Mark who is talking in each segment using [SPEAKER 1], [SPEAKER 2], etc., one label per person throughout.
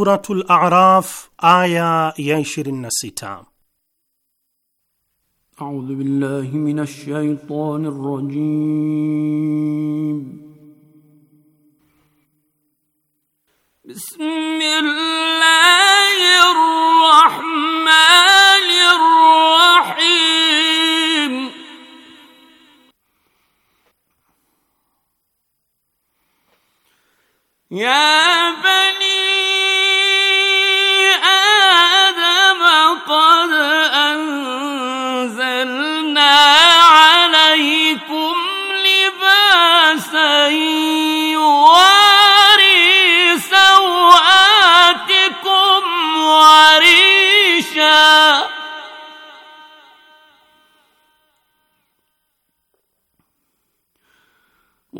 [SPEAKER 1] سورة الأعراف آية ya 26. أعوذ
[SPEAKER 2] بالله من الشيطان الرجيم
[SPEAKER 3] بسم الله الرحمن الرحيم
[SPEAKER 2] يا بني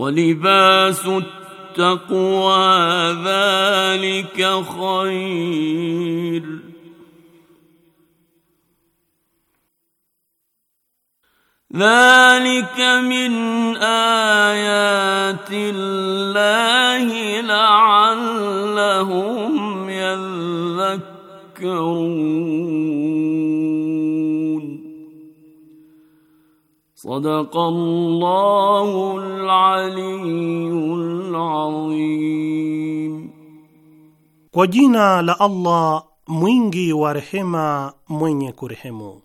[SPEAKER 2] ولباس التقوى ذلك خير ذلك من ايات الله لعلهم يذكرون Kwa jina la Allah
[SPEAKER 1] mwingi wa rehema mwenye kurehemu.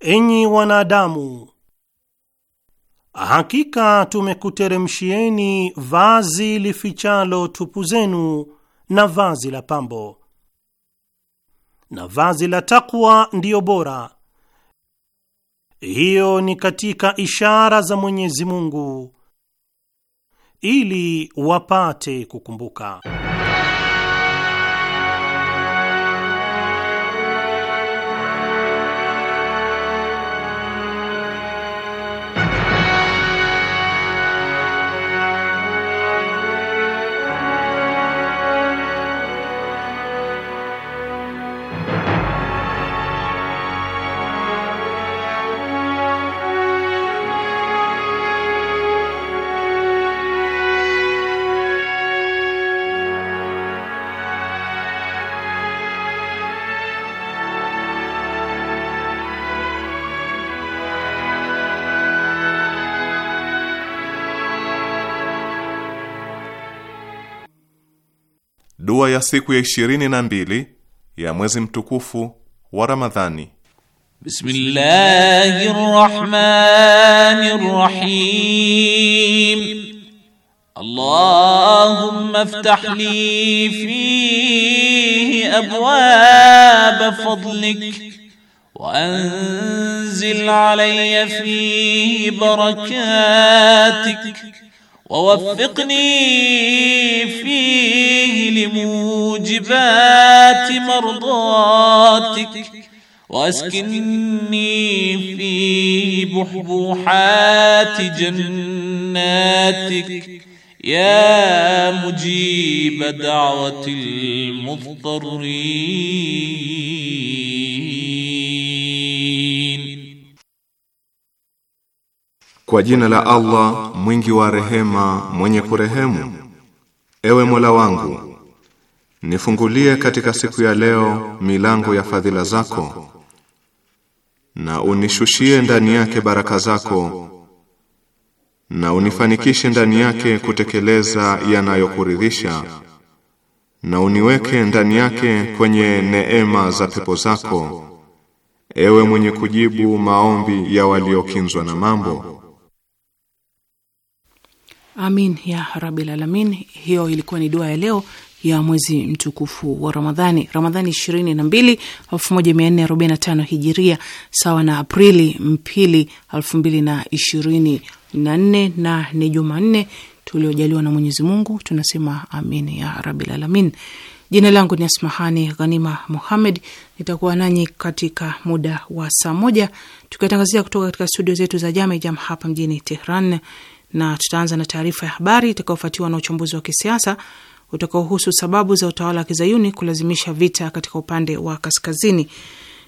[SPEAKER 1] Enyi wanadamu, hakika tumekuteremshieni vazi lifichalo tupu zenu na vazi la pambo, na vazi la takwa ndiyo bora hiyo ni katika ishara za Mwenyezi Mungu ili wapate kukumbuka. ya siku ya ishirini na mbili ya mwezi mtukufu wa Ramadhani.
[SPEAKER 2] Bismillahir Rahmanir Rahim. Allahumma iftah li fihi abwab fadlik anzil علي فيه barakatik ووفقني فيه لموجبات مرضاتك واسكنني فيه بحبوحات جناتك يا مجيب دعوه المضطرين
[SPEAKER 1] Kwa jina la Allah mwingi wa rehema, mwenye kurehemu. Ewe Mola wangu, nifungulie katika siku ya leo milango ya fadhila zako na unishushie ndani yake baraka zako na unifanikishe ndani yake kutekeleza yanayokuridhisha na uniweke ndani yake kwenye neema za pepo zako, ewe mwenye kujibu maombi ya waliokinzwa na mambo.
[SPEAKER 4] Amin ya rabil alamin. Hiyo ilikuwa ni dua ya leo ya mwezi mtukufu wa Ramadhani, Ramadhani na tano hijiria, sawa na Aprili mpili mbili na ni Jumanne tuliojaliwa na Mwenyezi Mungu. Tunasema amin ya rabil alamin. Jina langu ni Asmahani Ghanima Muhammed, nitakuwa nanyi katika muda wa saa moja tukiwatangazia kutoka katika studio zetu za Jamejam hapa mjini Tehran na tutaanza na taarifa ya habari itakayofuatiwa na uchambuzi wa kisiasa utakaohusu sababu za utawala wa kizayuni kulazimisha vita katika upande wa kaskazini.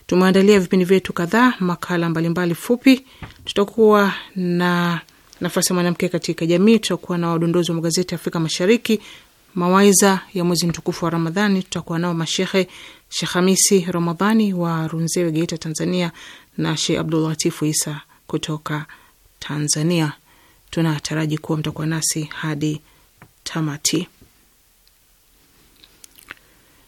[SPEAKER 4] Tumeandalia vipindi vyetu kadhaa, makala mbalimbali fupi, tutakuwa na nafasi ya mwanamke katika jamii, tutakuwa na wadondozi wa magazeti ya Afrika Mashariki, mawaidha ya mwezi mtukufu wa Ramadhani, tutakuwa nao mashehe Shekh Hamisi Ramadhani wa Runzewe, Geita, Tanzania, na Shekh Abdul Latifu Isa kutoka Tanzania. Tunataraji kuwa mtakuwa nasi hadi tamati.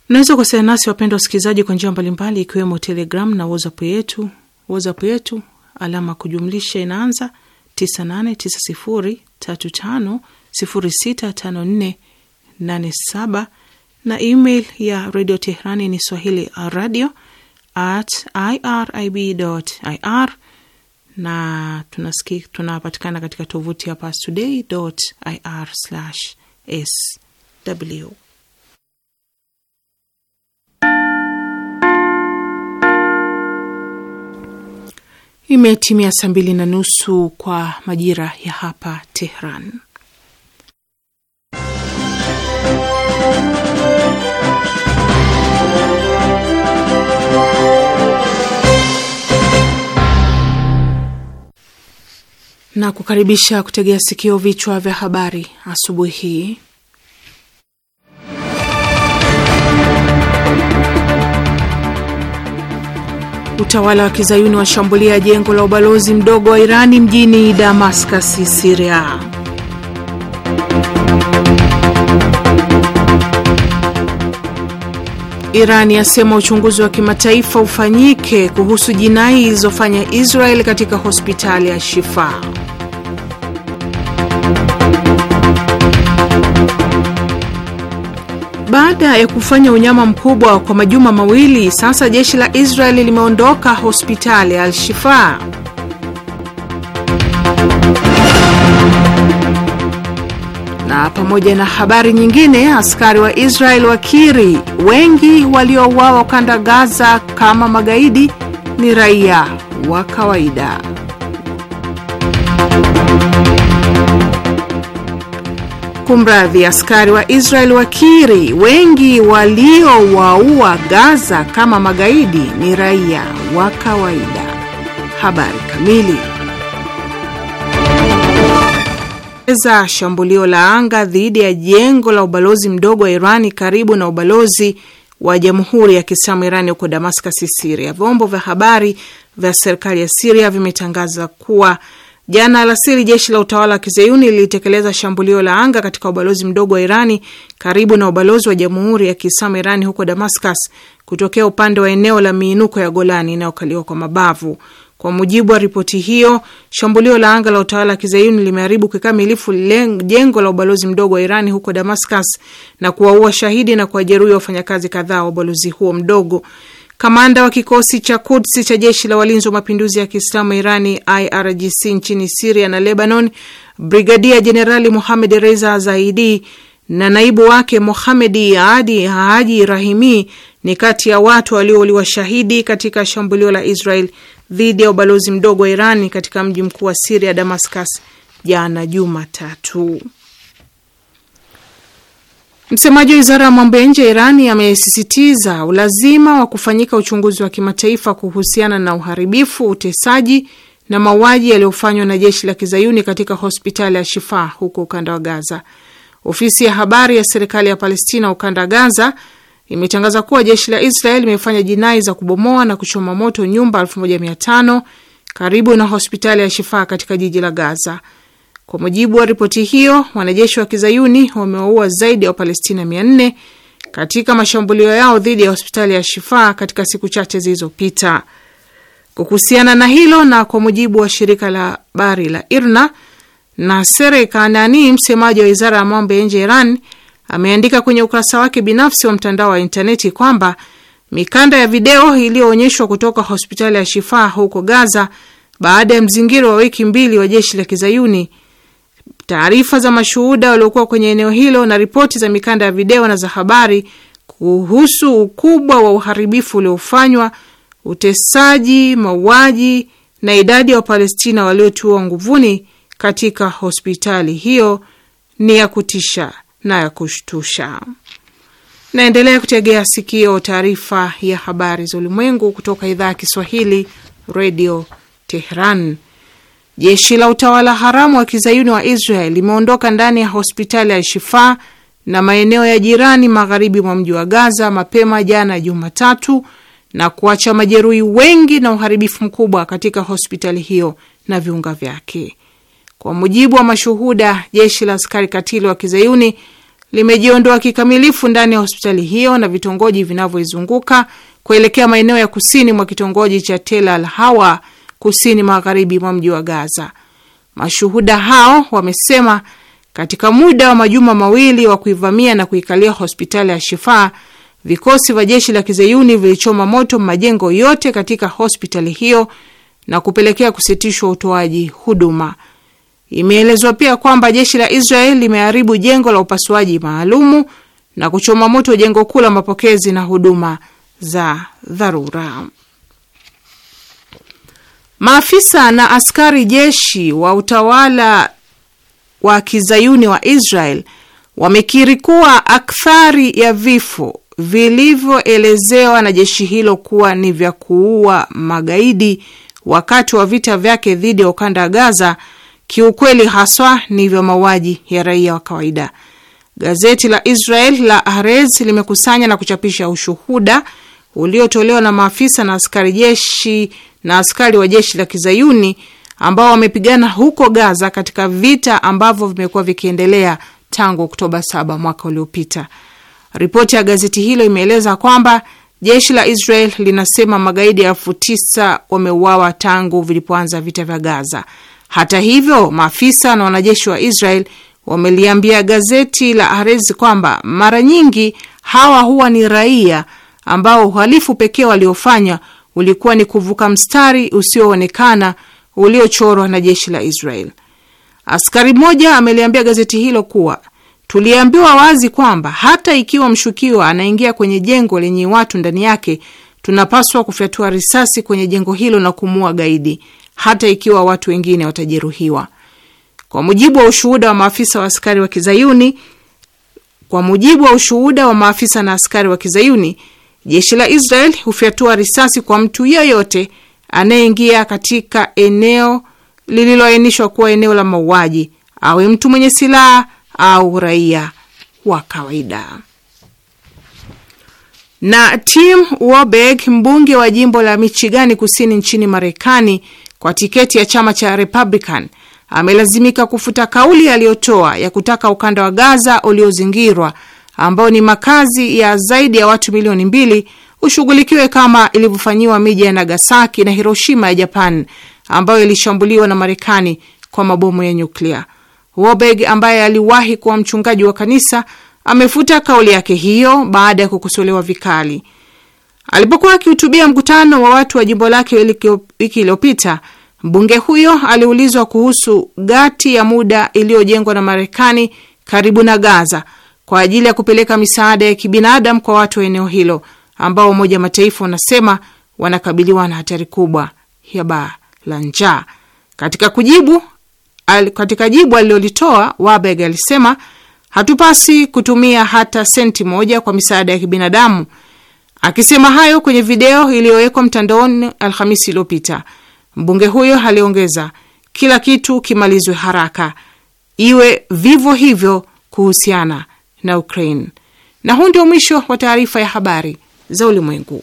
[SPEAKER 4] naweza kuwasiliana nasi wapendwa wasikilizaji, kwa njia mbalimbali, ikiwemo Telegram na WhatsApp yetu. WhatsApp yetu alama kujumlisha inaanza 989035065487 na email ya Radio Tehrani ni swahili radio at ir na tunapatikana katika tovuti ya pastodayir sw Imetimia saa mbili na nusu kwa majira ya hapa Tehran. na kukaribisha kutegea sikio vichwa vya habari asubuhi hii. Utawala wa kizayuni washambulia jengo la ubalozi mdogo wa Irani mjini Damascus, Siria. Iran yasema uchunguzi wa kimataifa ufanyike kuhusu jinai ilizofanya Israel katika hospitali ya Shifa. Baada ya kufanya unyama mkubwa kwa majuma mawili, sasa jeshi la Israel limeondoka hospitali ya Al-Shifa. na pamoja na habari nyingine, askari wa Israel wakiri wengi waliouawa ukanda Gaza kama magaidi ni raia wa kawaida. Kumradhi, askari wa Israel wakiri wengi waliowaua Gaza kama magaidi ni raia wa kawaida. Habari kamili kutekeleza shambulio la anga dhidi ya jengo la ubalozi mdogo wa Irani karibu na ubalozi wa Jamhuri ya Kiislamu Irani huko Damascus, Siria. Vyombo vya habari vya serikali ya Siria vimetangaza kuwa jana alasiri jeshi la utawala wa kizeyuni lilitekeleza shambulio la anga katika ubalozi mdogo wa Irani karibu na ubalozi wa Jamhuri ya Kiislamu Irani huko Damascus kutokea upande wa eneo la miinuko ya Golani inayokaliwa kwa mabavu. Kwa mujibu wa ripoti hiyo, shambulio la anga la utawala wa kizayuni limeharibu kikamilifu jengo la ubalozi mdogo wa Irani huko Damascus na kuwaua shahidi na kuwajeruhi wafanyakazi kadhaa wa ubalozi huo mdogo. Kamanda wa kikosi cha Quds cha jeshi la walinzi wa mapinduzi ya Kiislamu Irani IRGC nchini Siria na Lebanon, Brigadia Jenerali Mohamed Reza Zaidi na naibu wake Mohamedi Adi Haji Rahimi ni kati ya watu waliouliwa shahidi katika shambulio la Israel dhidi ya ubalozi mdogo wa Iran katika mji mkuu wa Siria, Damascus, jana Jumatatu. Msemaji wa wizara ya mambo ya nje ya Irani amesisitiza ulazima wa kufanyika uchunguzi wa kimataifa kuhusiana na uharibifu, utesaji na mauaji yaliyofanywa na jeshi la kizayuni katika hospitali ya Shifa huko ukanda wa Gaza. Ofisi ya habari ya serikali ya Palestina ukanda Gaza imetangaza kuwa jeshi la Israel limefanya jinai za kubomoa na kuchoma moto nyumba 1500 karibu na hospitali ya Shifaa katika jiji la Gaza. Kwa mujibu wa ripoti hiyo, wanajeshi wa kizayuni wamewaua zaidi ya Wapalestina 400 katika mashambulio yao dhidi ya hospitali ya Shifaa katika siku chache zilizopita. Kuhusiana na hilo na kwa mujibu wa shirika la habari la IRNA, Nasser Kanani, msemaji wa wizara ya mambo ya nje ya Iran, ameandika kwenye ukurasa wake binafsi wa mtandao wa intaneti kwamba mikanda ya video iliyoonyeshwa kutoka hospitali ya Shifa huko Gaza baada ya mzingiro wa wiki mbili wa jeshi la Kizayuni, taarifa za mashuhuda waliokuwa kwenye eneo hilo na ripoti za mikanda ya video na za habari kuhusu ukubwa wa uharibifu uliofanywa, utesaji, mauaji na idadi ya Wapalestina waliotiwa nguvuni katika hospitali hiyo ni ya kutisha na ya kushtusha. Naendelea kutegea sikio taarifa ya habari za ulimwengu kutoka idhaa ya Kiswahili, Radio Tehran. Jeshi la utawala haramu wa kizayuni wa Israel limeondoka ndani ya hospitali ya Shifa na maeneo ya jirani magharibi mwa mji wa Gaza mapema jana Jumatatu na kuacha majeruhi wengi na uharibifu mkubwa katika hospitali hiyo na viunga vyake. Kwa mujibu wa mashuhuda, jeshi la askari katili wa kizayuni limejiondoa kikamilifu ndani ya hospitali hiyo na vitongoji vinavyoizunguka kuelekea maeneo ya kusini mwa kitongoji cha Tel Al Hawa, kusini magharibi mwa mji wa Gaza. Mashuhuda hao wamesema katika muda wa majuma mawili wa kuivamia na kuikalia hospitali ya Shifa, vikosi vya jeshi la kizayuni vilichoma moto majengo yote katika hospitali hiyo na kupelekea kusitishwa utoaji huduma. Imeelezwa pia kwamba jeshi la Israel limeharibu jengo la upasuaji maalumu na kuchoma moto jengo kuu la mapokezi na huduma za dharura. Maafisa na askari jeshi wa utawala wa kizayuni wa Israel wamekiri kuwa akthari ya vifo vilivyoelezewa na jeshi hilo kuwa ni vya kuua magaidi wakati wa vita vyake dhidi ya ukanda wa Gaza kiukweli haswa ni vya mauaji ya raia wa kawaida. Gazeti la Israel la Haaretz limekusanya na kuchapisha ushuhuda uliotolewa na maafisa na askari jeshi na askari wa jeshi la kizayuni ambao wamepigana huko Gaza katika vita ambavyo vimekuwa vikiendelea tangu Oktoba 7 mwaka uliopita. Ripoti ya gazeti hilo imeeleza kwamba jeshi la Israel linasema magaidi elfu tisa wameuawa tangu vilipoanza vita vya Gaza. Hata hivyo, maafisa na wanajeshi wa Israel wameliambia gazeti la arez kwamba mara nyingi hawa huwa ni raia ambao uhalifu pekee waliofanya ulikuwa ni kuvuka mstari usioonekana uliochorwa na jeshi la Israel. Askari mmoja ameliambia gazeti hilo kuwa tuliambiwa wazi kwamba hata ikiwa mshukiwa anaingia kwenye jengo lenye watu ndani yake, tunapaswa kufyatua risasi kwenye jengo hilo na kumuua gaidi hata ikiwa watu wengine watajeruhiwa. Kwa mujibu wa ushuhuda wa maafisa wa askari wa Kizayuni, kwa mujibu wa ushuhuda wa maafisa na askari wa Kizayuni, jeshi la Israel hufyatua risasi kwa mtu yeyote anayeingia katika eneo lililoainishwa kuwa eneo la mauaji, awe mtu mwenye silaha au raia wa kawaida. Na Tim Walberg, mbunge wa jimbo la Michigani kusini nchini Marekani, kwa tiketi ya chama cha Republican amelazimika kufuta kauli aliyotoa ya kutaka ukanda wa Gaza uliozingirwa ambao ni makazi ya zaidi ya watu milioni mbili ushughulikiwe kama ilivyofanyiwa miji ya Nagasaki na Hiroshima ya Japan ambayo ilishambuliwa na Marekani kwa mabomu ya nyuklia. Wobeg ambaye aliwahi kuwa mchungaji wa kanisa amefuta kauli yake hiyo baada ya kukosolewa vikali. Alipokuwa akihutubia mkutano wa watu wa jimbo lake wiki iliyopita, mbunge huyo aliulizwa kuhusu gati ya muda iliyojengwa na Marekani karibu na Gaza kwa ajili ya kupeleka misaada ya kibinadamu kwa watu wa eneo hilo ambao Umoja wa Mataifa unasema wanakabiliwa na hatari kubwa ya baa la njaa. Katika kujibu al, katika jibu alilolitoa Wabeg alisema hatupasi kutumia hata senti moja kwa misaada ya kibinadamu Akisema hayo kwenye video iliyowekwa mtandaoni Alhamisi iliyopita, mbunge huyo aliongeza, kila kitu kimalizwe haraka, iwe vivyo hivyo kuhusiana na Ukraine. Na huu ndio mwisho wa taarifa ya habari za ulimwengu.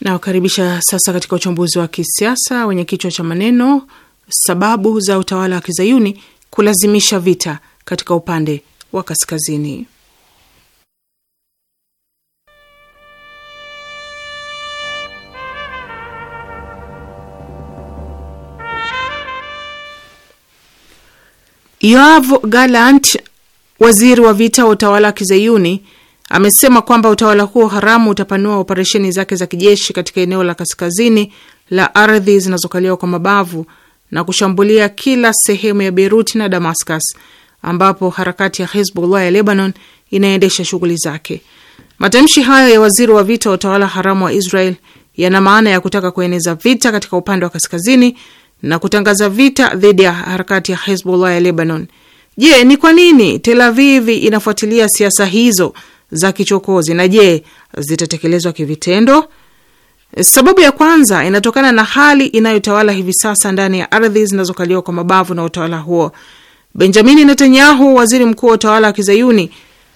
[SPEAKER 4] Nawakaribisha sasa katika uchambuzi wa kisiasa wenye kichwa cha maneno sababu za utawala wa kizayuni kulazimisha vita katika upande wa kaskazini. Yoav Galant, waziri wa vita wa utawala wa kizayuni amesema kwamba utawala huo haramu utapanua operesheni zake za kijeshi katika eneo la kaskazini la ardhi zinazokaliwa kwa mabavu na kushambulia kila sehemu ya Beirut na Damascus ambapo harakati ya Hezbollah ya Lebanon inaendesha shughuli zake. Matamshi hayo ya waziri wa vita wa utawala haramu wa Israel yana maana ya kutaka kueneza vita katika upande wa kaskazini na kutangaza vita dhidi ya harakati ya Hezbollah ya Lebanon. Je, ni kwa nini Tel Aviv inafuatilia siasa hizo za kichokozi na je, zitatekelezwa kivitendo? Sababu ya kwanza inatokana na hali inayotawala hivi sasa ndani ya ardhi zinazokaliwa kwa mabavu na utawala huo. Benjamini Netanyahu, waziri mkuu wa utawala wa Kizayuni,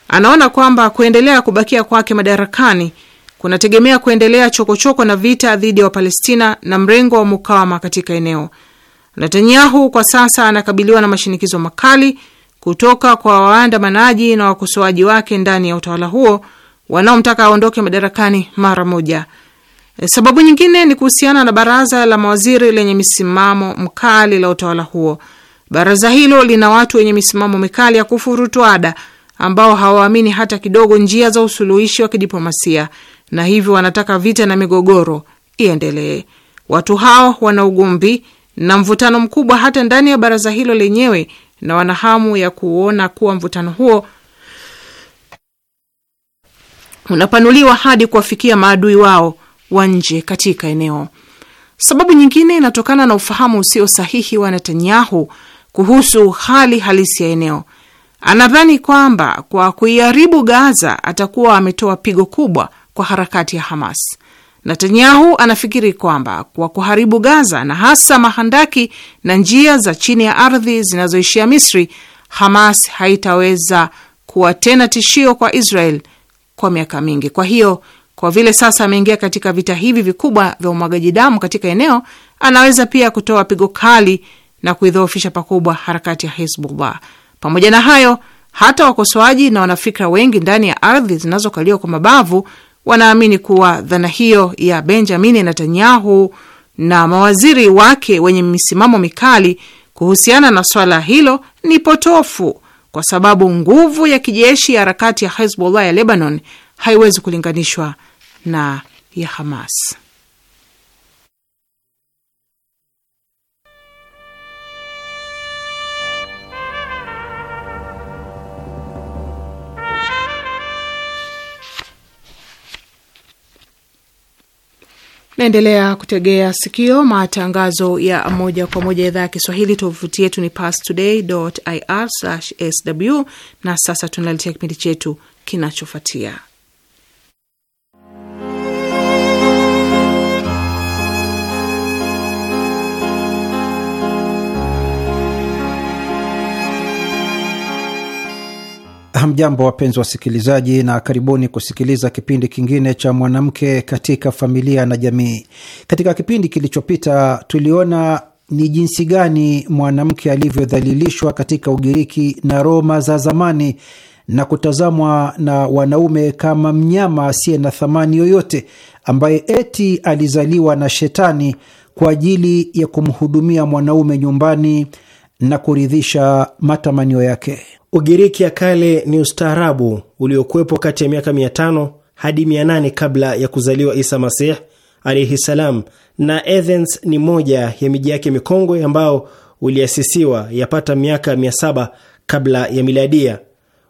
[SPEAKER 4] anaona kwamba kuendelea kubakia kwake madarakani kunategemea kuendelea chokochoko choko na vita dhidi ya Wapalestina na mrengo wa mukawama katika eneo. Netanyahu kwa sasa anakabiliwa na mashinikizo makali kutoka kwa waandamanaji na wakosoaji wake ndani ya utawala huo wanaomtaka aondoke madarakani mara moja. E, sababu nyingine ni kuhusiana na baraza la mawaziri lenye misimamo mkali la utawala huo. Baraza hilo lina watu wenye misimamo mikali ya kufurutu ada ambao hawaamini hata kidogo njia za usuluhishi wa kidiplomasia na hivyo wanataka vita na migogoro iendelee. Watu hao wana ugomvi na mvutano mkubwa hata ndani ya baraza hilo lenyewe na wana hamu ya kuona kuwa mvutano huo unapanuliwa hadi kuwafikia maadui wao wa nje katika eneo. Sababu nyingine inatokana na ufahamu usio sahihi wa Netanyahu kuhusu hali halisi ya eneo. Anadhani kwamba kwa kuiharibu Gaza atakuwa ametoa pigo kubwa kwa harakati ya Hamas. Netanyahu anafikiri kwamba kwa kuharibu Gaza na hasa mahandaki na njia za chini ya ardhi zinazoishia Misri, Hamas haitaweza kuwa tena tishio kwa Israel kwa miaka mingi. Kwa hiyo, kwa vile sasa ameingia katika vita hivi vikubwa vya umwagaji damu katika eneo, anaweza pia kutoa pigo kali na kuidhoofisha pakubwa harakati ya Hezbollah. Pamoja na hayo, hata wakosoaji na wanafikra wengi ndani ya ardhi zinazokaliwa kwa mabavu wanaamini kuwa dhana hiyo ya Benjamini Netanyahu na mawaziri wake wenye misimamo mikali kuhusiana na swala hilo ni potofu, kwa sababu nguvu ya kijeshi ya harakati ya Hezbollah ya Lebanon haiwezi kulinganishwa na ya Hamas. Naendelea kutegea sikio matangazo ya moja kwa moja idhaa ya Kiswahili. Tovuti yetu ni pastoday.ir/sw. Na sasa tunaletea kipindi chetu kinachofuatia.
[SPEAKER 5] Hamjambo, wapenzi wasikilizaji, na karibuni kusikiliza kipindi kingine cha mwanamke katika familia na jamii. Katika kipindi kilichopita, tuliona ni jinsi gani mwanamke alivyodhalilishwa katika Ugiriki na Roma za zamani na kutazamwa na wanaume kama mnyama asiye na thamani yoyote, ambaye eti alizaliwa na Shetani kwa ajili ya kumhudumia mwanaume nyumbani
[SPEAKER 1] na kuridhisha matamanio yake. Ugiriki ya kale ni ustaarabu uliokuwepo kati ya miaka 500 hadi 800 kabla ya kuzaliwa Isa Masih alaihi salam, na Athens ni moja ya miji yake mikongwe ambao uliasisiwa yapata miaka 700 kabla ya miladia.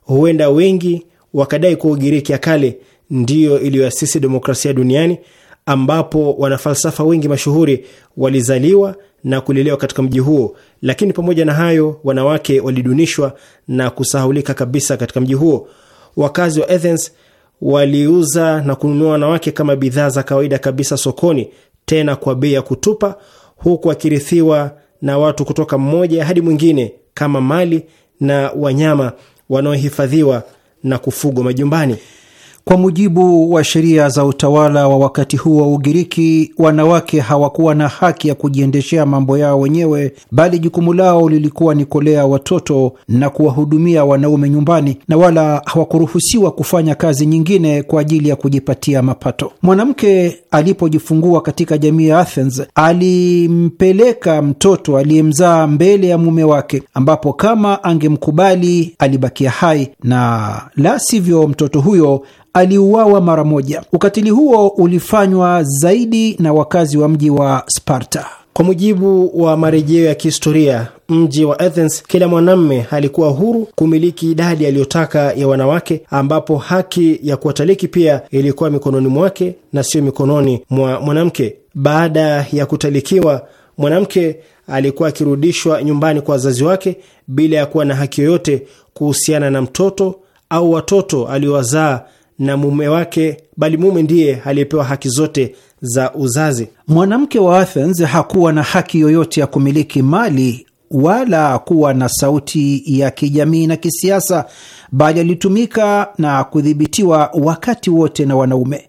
[SPEAKER 1] Huenda wengi wakadai kuwa Ugiriki ya kale ndiyo iliyoasisi demokrasia duniani ambapo wanafalsafa wengi mashuhuri walizaliwa na kulelewa katika mji huo, lakini pamoja na hayo wanawake walidunishwa na kusahaulika kabisa katika mji huo. Wakazi wa Athens waliuza na kununua wanawake kama bidhaa za kawaida kabisa sokoni, tena kwa bei ya kutupa, huku wakirithiwa na watu kutoka mmoja hadi mwingine kama mali na wanyama wanaohifadhiwa na kufugwa majumbani. Kwa mujibu wa sheria za utawala wa wakati huo wa
[SPEAKER 5] Ugiriki, wanawake hawakuwa na haki ya kujiendeshea mambo yao wenyewe, bali jukumu lao lilikuwa ni kulea watoto na kuwahudumia wanaume nyumbani, na wala hawakuruhusiwa kufanya kazi nyingine kwa ajili ya kujipatia mapato. Mwanamke alipojifungua katika jamii ya Athens, alimpeleka mtoto aliyemzaa mbele ya mume wake, ambapo kama angemkubali alibakia hai na la sivyo mtoto huyo aliuawa mara moja. Ukatili huo ulifanywa
[SPEAKER 1] zaidi na wakazi wa mji wa Sparta. Kwa mujibu wa marejeo ya kihistoria, mji wa Athens, kila mwanamme alikuwa huru kumiliki idadi aliyotaka ya wanawake, ambapo haki ya kuwataliki pia ilikuwa mikononi mwake na sio mikononi mwa mwanamke. Baada ya kutalikiwa, mwanamke alikuwa akirudishwa nyumbani kwa wazazi wake bila ya kuwa na haki yoyote kuhusiana na mtoto au watoto aliowazaa na mume wake, bali mume ndiye aliyepewa haki zote za uzazi. Mwanamke wa Athens hakuwa na haki yoyote ya kumiliki mali
[SPEAKER 5] wala kuwa na sauti ya kijamii na kisiasa, bali alitumika na kudhibitiwa wakati wote na wanaume.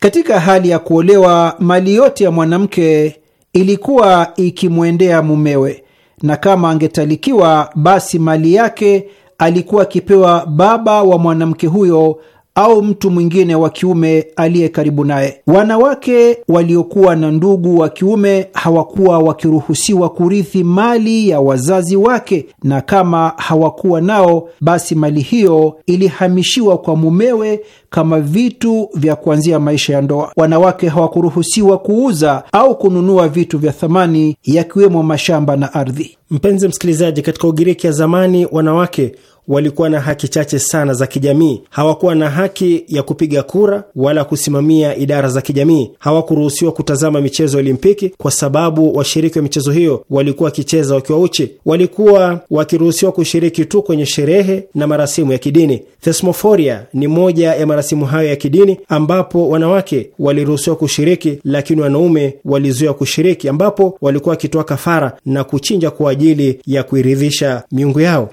[SPEAKER 5] Katika hali ya kuolewa, mali yote ya mwanamke ilikuwa ikimwendea mumewe, na kama angetalikiwa, basi mali yake alikuwa akipewa baba wa mwanamke huyo au mtu mwingine wa kiume aliye karibu naye. Wanawake waliokuwa na ndugu wa kiume hawakuwa wakiruhusiwa kurithi mali ya wazazi wake, na kama hawakuwa nao, basi mali hiyo ilihamishiwa kwa mumewe kama vitu vya kuanzia maisha ya ndoa. Wanawake hawakuruhusiwa
[SPEAKER 1] kuuza au kununua vitu vya thamani, yakiwemo mashamba na ardhi. Mpenzi msikilizaji, katika Ugiriki ya zamani wanawake walikuwa na haki chache sana za kijamii. Hawakuwa na haki ya kupiga kura wala kusimamia idara za kijamii. Hawakuruhusiwa kutazama michezo ya Olimpiki kwa sababu washiriki wa michezo hiyo walikuwa wakicheza wakiwa uchi. Walikuwa wakiruhusiwa kushiriki tu kwenye sherehe na marasimu ya kidini. Thesmoforia ni moja ya marasimu hayo ya kidini, ambapo wanawake waliruhusiwa kushiriki, lakini wanaume walizuiwa kushiriki, ambapo walikuwa wakitoa kafara na kuchinja kwa ajili ya kuiridhisha miungu yao.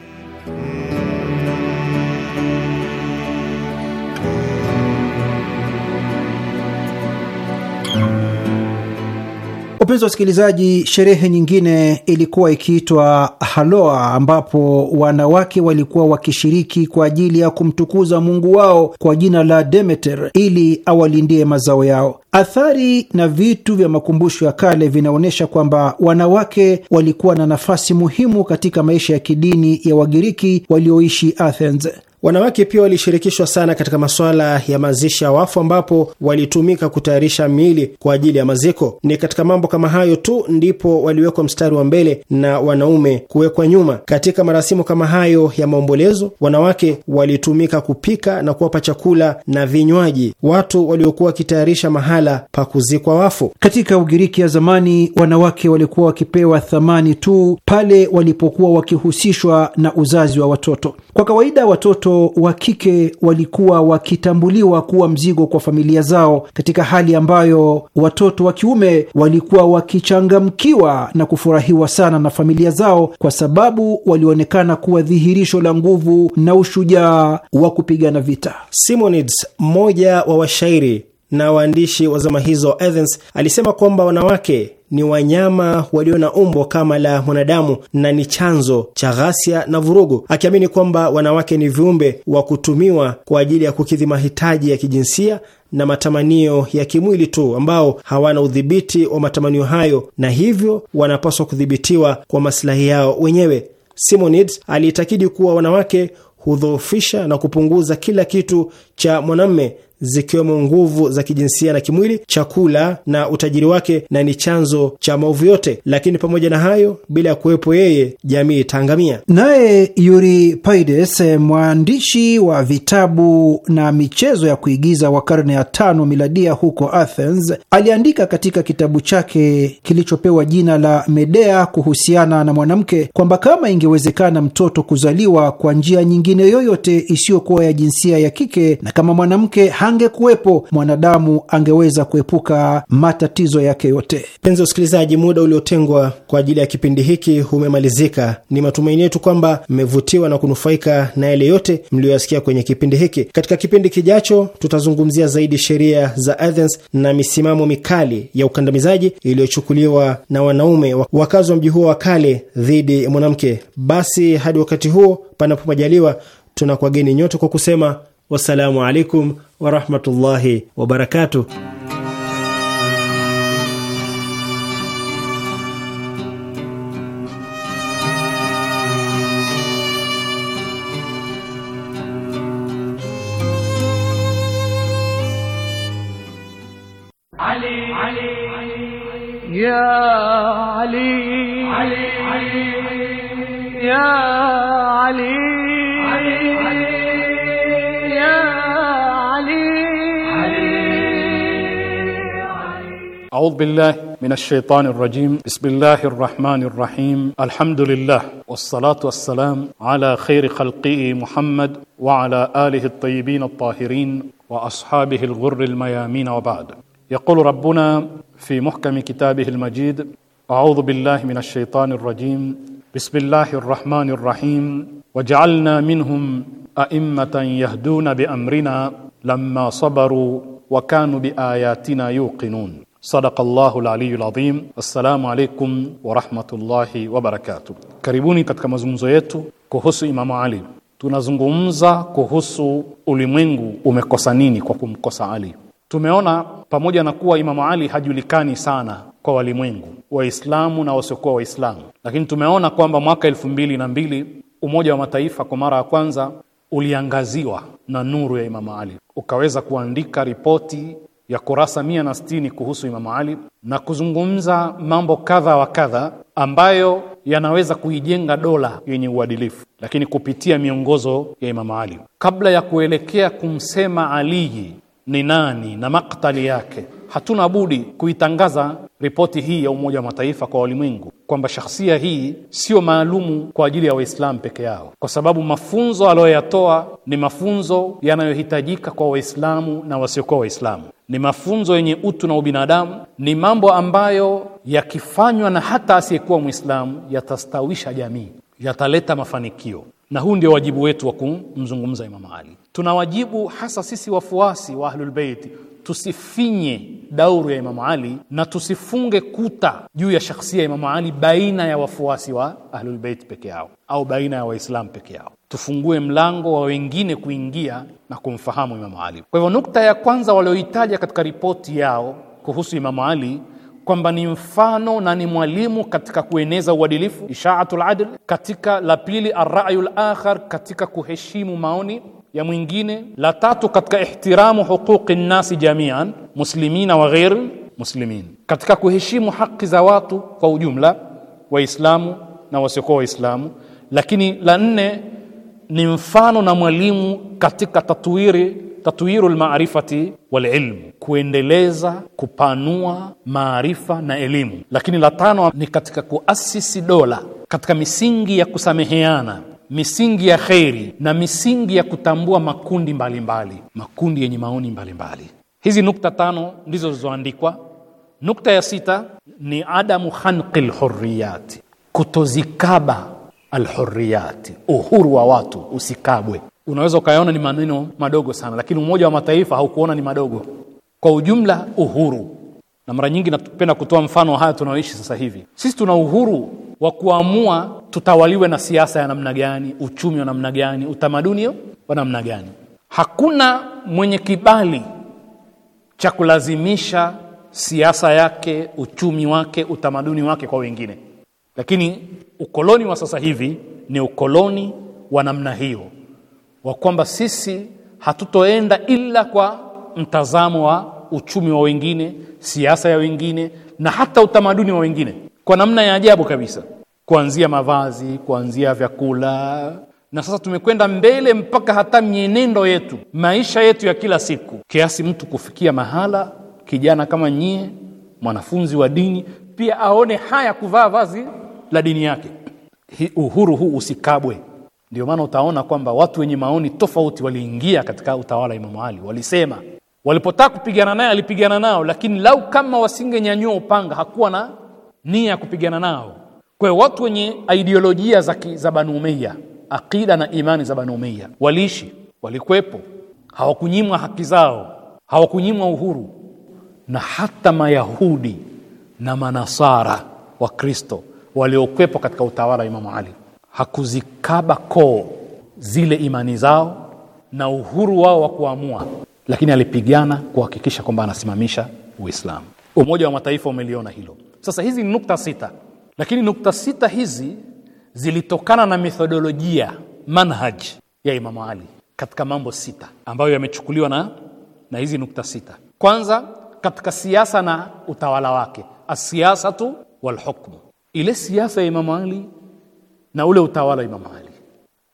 [SPEAKER 5] Wapenzi wasikilizaji, sherehe nyingine ilikuwa ikiitwa Haloa, ambapo wanawake walikuwa wakishiriki kwa ajili ya kumtukuza mungu wao kwa jina la Demeter ili awalindie mazao yao. Athari na vitu vya makumbusho ya kale vinaonyesha kwamba wanawake walikuwa na nafasi muhimu
[SPEAKER 1] katika maisha ya kidini ya Wagiriki walioishi Athens. Wanawake pia walishirikishwa sana katika masuala ya mazishi ya wafu, ambapo walitumika kutayarisha miili kwa ajili ya maziko. Ni katika mambo kama hayo tu ndipo waliwekwa mstari wa mbele na wanaume kuwekwa nyuma. Katika marasimu kama hayo ya maombolezo, wanawake walitumika kupika na kuwapa chakula na vinywaji watu waliokuwa wakitayarisha mahala pa kuzikwa wafu.
[SPEAKER 5] Katika Ugiriki ya zamani, wanawake walikuwa wakipewa thamani tu pale walipokuwa wakihusishwa na uzazi wa watoto. Kwa kawaida watoto watoto wa kike walikuwa wakitambuliwa kuwa mzigo kwa familia zao, katika hali ambayo watoto wa kiume walikuwa wakichangamkiwa na kufurahiwa sana na familia zao,
[SPEAKER 1] kwa sababu walionekana kuwa dhihirisho la nguvu na ushujaa wa kupigana vita. Simonides, mmoja wa washairi na waandishi wa zama hizo Athens alisema kwamba wanawake ni wanyama walio na umbo kama la mwanadamu na ni chanzo cha ghasia na vurugu, akiamini kwamba wanawake ni viumbe wa kutumiwa kwa ajili ya kukidhi mahitaji ya kijinsia na matamanio ya kimwili tu, ambao hawana udhibiti wa matamanio hayo na hivyo wanapaswa kudhibitiwa kwa maslahi yao wenyewe. Simonid aliitakidi kuwa wanawake hudhoofisha na kupunguza kila kitu cha mwanamme zikiwemo nguvu za kijinsia na kimwili, chakula na utajiri wake, na ni chanzo cha maovu yote. Lakini pamoja na hayo, bila ya kuwepo yeye, jamii itaangamia.
[SPEAKER 5] Naye Euripides, mwandishi wa vitabu na michezo ya kuigiza wa karne ya tano miladia huko Athens, aliandika katika kitabu chake kilichopewa jina la Medea kuhusiana na mwanamke kwamba kama ingewezekana mtoto kuzaliwa kwa njia nyingine yoyote isiyokuwa ya jinsia ya kike na kama mwanamke hangekuwepo, mwanadamu angeweza kuepuka
[SPEAKER 1] matatizo yake yote. Mpenzi usikilizaji, muda uliotengwa kwa ajili ya kipindi hiki umemalizika. Ni matumaini yetu kwamba mmevutiwa na kunufaika na yale yote mliyoyasikia kwenye kipindi hiki. Katika kipindi kijacho, tutazungumzia zaidi sheria za Athens na misimamo mikali ya ukandamizaji iliyochukuliwa na wanaume wakazi wa mji huo wa kale dhidi ya mwanamke. Basi hadi wakati huo, panapo majaliwa, geni nyote kwa kusema wassalamu alaikum warahmatullahi wabarakatuh.
[SPEAKER 3] يا علي علي يا علي
[SPEAKER 6] أعوذ بالله من الشيطان الرجيم بسم الله الرحمن الرحيم الحمد لله والصلاة والسلام على خير خلقه محمد وعلى آله الطيبين الطاهرين وأصحابه الغر الميامين وبعد يقول ربنا في محكم كتابه المجيد أعوذ بالله من الشيطان الرجيم بسم الله الرحمن الرحيم وجعلنا منهم أئمة يهدون بأمرنا لما صبروا وكانوا بآياتنا يوقنون Sadaqa Allahu al-aliyyul Assalamu alaykum wa rahmatullahi Karibuni katika mazungumzo yetu kuhusu Imamu Ali. Tunazungumza kuhusu ulimwengu umekosa nini kwa kumkosa Ali. Tumeona pamoja na kuwa Imamu Ali hajulikani sana kwa walimwengu, Waislamu na wasiokuwa Waislamu, lakini tumeona kwamba mwaka elfu mbili na mbili Umoja wa Mataifa kwa mara ya kwanza uliangaziwa na nuru ya Imamu Ali, ukaweza kuandika ripoti ya kurasa 160 kuhusu Imamu Ali na kuzungumza mambo kadha wa kadha ambayo yanaweza kuijenga dola yenye uadilifu, lakini kupitia miongozo ya Imamu Ali. Kabla ya kuelekea kumsema Ali ni nani na maktali yake, hatuna budi kuitangaza ripoti hii ya Umoja wa Mataifa kwa walimwengu kwamba shakhsia hii sio maalumu kwa ajili ya Waislamu peke yao, kwa sababu mafunzo aliyoyatoa ni mafunzo yanayohitajika kwa Waislamu na wasiokuwa Waislamu ni mafunzo yenye utu na ubinadamu, ni mambo ambayo yakifanywa na hata asiyekuwa Mwislamu yatastawisha jamii, yataleta mafanikio. Na huu ndio wajibu wetu wa kumzungumza Imam Ali. Tuna wajibu hasa sisi wafuasi wa Ahlulbeiti, tusifinye dauru ya Imamu Ali na tusifunge kuta juu ya shakhsia ya Imamu Ali baina ya wafuasi wa Ahlulbeiti peke yao au baina ya Waislamu peke yao tufungue mlango wa wengine kuingia na kumfahamu Imamu Ali. Kwa hivyo nukta ya kwanza walioitaja katika ripoti yao kuhusu Imamu Ali kwamba ni mfano na ni mwalimu katika kueneza uadilifu, ishaatu ladl Katika la pili, arrayul akhar, katika kuheshimu maoni ya mwingine. La tatu, katika ihtiramu huquqi nnasi jamian muslimina wa ghair muslimin, katika kuheshimu haki za watu kwa ujumla, Waislamu na wasiokuwa Waislamu. Lakini la nne ni mfano na mwalimu katika tatwiri tatwiru lmarifati walilmu, kuendeleza kupanua maarifa na elimu. Lakini la tano ni katika kuasisi dola katika misingi ya kusameheana, misingi ya kheri na misingi ya kutambua makundi mbalimbali mbali, makundi yenye maoni mbalimbali Hizi nukta tano ndizo zilizoandikwa. Nukta ya sita ni adamu khanqi lhuriyati, kutozikaba alhuriyati uhuru wa watu usikabwe. Unaweza ukayaona ni maneno madogo sana, lakini Umoja wa Mataifa haukuona ni madogo. Kwa ujumla, uhuru na mara nyingi napenda kutoa mfano haya tunaoishi sasa hivi. Sisi tuna uhuru wa kuamua tutawaliwe na siasa ya namna gani, uchumi wa namna gani, utamaduni wa namna gani. Hakuna mwenye kibali cha kulazimisha siasa yake, uchumi wake, utamaduni wake kwa wengine. Lakini ukoloni wa sasa hivi ni ukoloni wa namna hiyo, wa kwamba sisi hatutoenda ila kwa mtazamo wa uchumi wa wengine, siasa ya wengine, na hata utamaduni wa wengine, kwa namna ya ajabu kabisa, kuanzia mavazi, kuanzia vyakula na sasa tumekwenda mbele mpaka hata mienendo yetu, maisha yetu ya kila siku, kiasi mtu kufikia mahala, kijana kama nyie, mwanafunzi wa dini, pia aone haya kuvaa vazi la dini yake. Uhuru huu usikabwe. Ndio maana utaona kwamba watu wenye maoni tofauti waliingia katika utawala wa Imamu Ali, walisema walipotaka kupigana naye alipigana nao, lakini lau kama wasingenyanyua upanga hakuwa na nia ya kupigana nao. Kwa hiyo watu wenye ideolojia za, za Banu Umayya, akida na imani za Banu Umayya waliishi, walikwepo, hawakunyimwa haki zao, hawakunyimwa uhuru, na hata Mayahudi na Manasara wa Kristo waliokwepo katika utawala wa Imamu Ali. Hakuzikaba koo zile imani zao na uhuru wao wa kuamua, lakini alipigana kuhakikisha kwamba anasimamisha Uislamu. Umoja wa Mataifa umeliona hilo. Sasa hizi ni nukta sita, lakini nukta sita hizi zilitokana na methodolojia manhaj ya Imamu Ali katika mambo sita ambayo yamechukuliwa na, na hizi nukta sita. Kwanza katika siasa na utawala wake, asiasatu walhukmu ile siasa ya Imam Ali na ule utawala wa Imam Ali.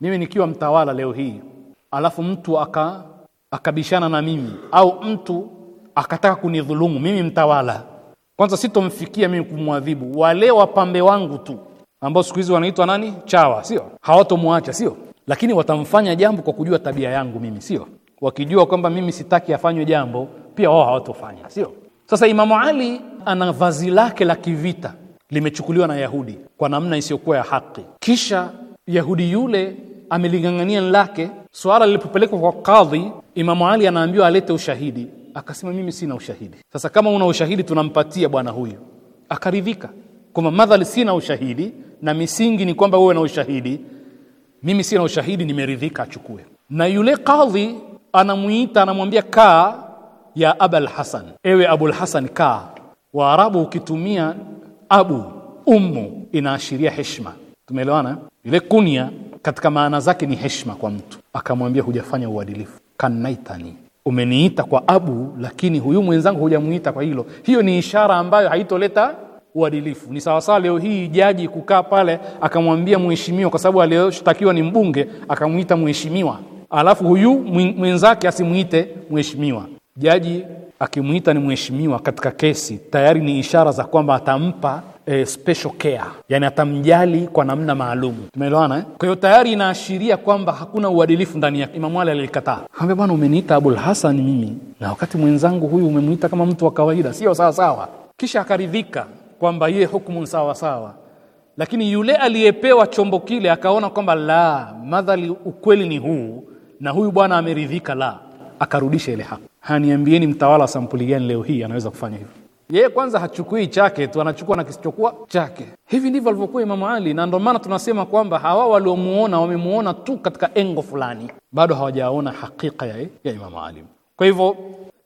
[SPEAKER 6] Mimi nikiwa mtawala leo hii, alafu mtu aka akabishana na mimi au mtu akataka kunidhulumu mimi mtawala, kwanza sitomfikia mimi kumwadhibu, wale wapambe wangu tu ambao siku hizi wanaitwa nani, chawa, sio? Hawatomwacha, sio? Lakini watamfanya jambo kwa kujua tabia yangu mimi, sio? Wakijua kwamba mimi sitaki afanywe jambo, pia wao hawatofanya, sio? Sasa Imamu Ali ana vazi lake la kivita limechukuliwa na Yahudi kwa namna isiyokuwa ya haki. Kisha Yahudi yule ameling'ang'ania lake. Swala lilipopelekwa kwa kadhi, Imamu Ali anaambiwa alete ushahidi, akasema mimi sina ushahidi. Sasa kama una ushahidi tunampatia bwana huyu. Akaridhika kwamba madhali sina ushahidi na misingi ni kwamba wewe na ushahidi, mimi sina ushahidi, nimeridhika, achukue. Na yule kadhi anamwita anamwambia, kaa ya Abul Hasan, ewe Abul Hasan, kaa. Waarabu ukitumia abu, ummu, inaashiria heshma Tumeelewana? Ile kunya katika maana zake ni heshma kwa mtu. Akamwambia hujafanya uadilifu, kanaitani, umeniita kwa abu, lakini huyu mwenzangu hujamuita kwa hilo. Hiyo ni ishara ambayo haitoleta uadilifu. Ni sawasawa leo hii jaji kukaa pale akamwambia mheshimiwa, kwa sababu aliyoshtakiwa ni mbunge, akamwita mheshimiwa, alafu huyu mwenzake asimwite mheshimiwa. Jaji akimwita ni mheshimiwa katika kesi tayari ni ishara za kwamba atampa e, special care yani atamjali kwa namna maalum tumeelewana eh? kwa hiyo tayari inaashiria kwamba hakuna uadilifu ndani ya imamu ali alilikataa ambia bwana umeniita abul hasan mimi na wakati mwenzangu huyu umemwita kama mtu wa kawaida sio sawasawa kisha akaridhika kwamba iye hukumu sawasawa lakini yule aliyepewa chombo kile akaona kwamba la madhali ukweli ni huu na huyu bwana ameridhika la akarudisha ile haki. Haniambieni mtawala wa sampuli gani leo hii anaweza kufanya hivyo? Yeye kwanza hachukui chake tu, anachukua na kisichokuwa chake. Hivi ndivyo alivyokuwa Imamu Ali, na ndio maana tunasema kwamba hawa waliomuona wamemuona tu katika engo fulani, bado hawajaona hakika ya, ya Imamu Ali. Kwa hivyo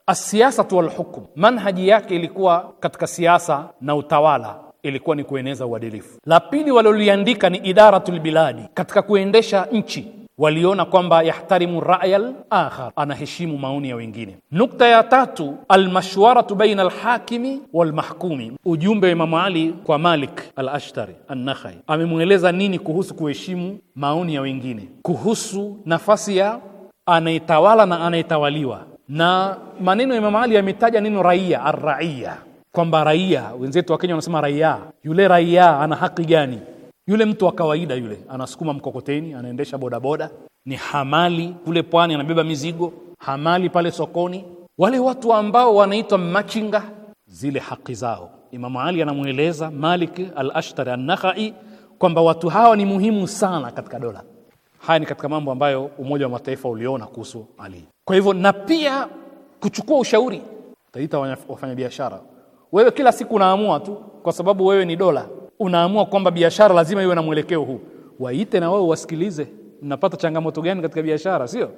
[SPEAKER 6] asiasatu walhukm, manhaji yake ilikuwa katika siasa na utawala ilikuwa ni kueneza uadilifu. La pili waliloliandika ni idaratul biladi, katika kuendesha nchi waliona kwamba yahtarimu raya akhar, anaheshimu maoni ya wengine. Nukta ya tatu, almashwaratu baina alhakimi walmahkumi. Ujumbe wa Imamu Ali kwa Malik Alashtari Annakhai amemweleza nini kuhusu kuheshimu maoni ya wengine, kuhusu nafasi ya anayetawala na anayetawaliwa. Na maneno ya Imamu Ali yametaja neno raia, arraiya, kwamba raia wenzetu wa Kenya wanasema raia, yule raia ana haki gani? yule mtu wa kawaida yule anasukuma mkokoteni anaendesha bodaboda ni hamali kule pwani anabeba mizigo hamali pale sokoni wale watu ambao wanaitwa machinga zile haki zao imamu ali anamweleza malik al-ashtari an-nakhai kwamba watu hawa ni muhimu sana katika dola haya ni katika mambo ambayo umoja wa mataifa uliona kuhusu ali kwa hivyo na pia kuchukua ushauri utaita wafanyabiashara wewe kila siku unaamua tu kwa sababu wewe ni dola unaamua kwamba biashara lazima iwe na mwelekeo huu waite na wao wasikilize mnapata changamoto gani katika biashara sio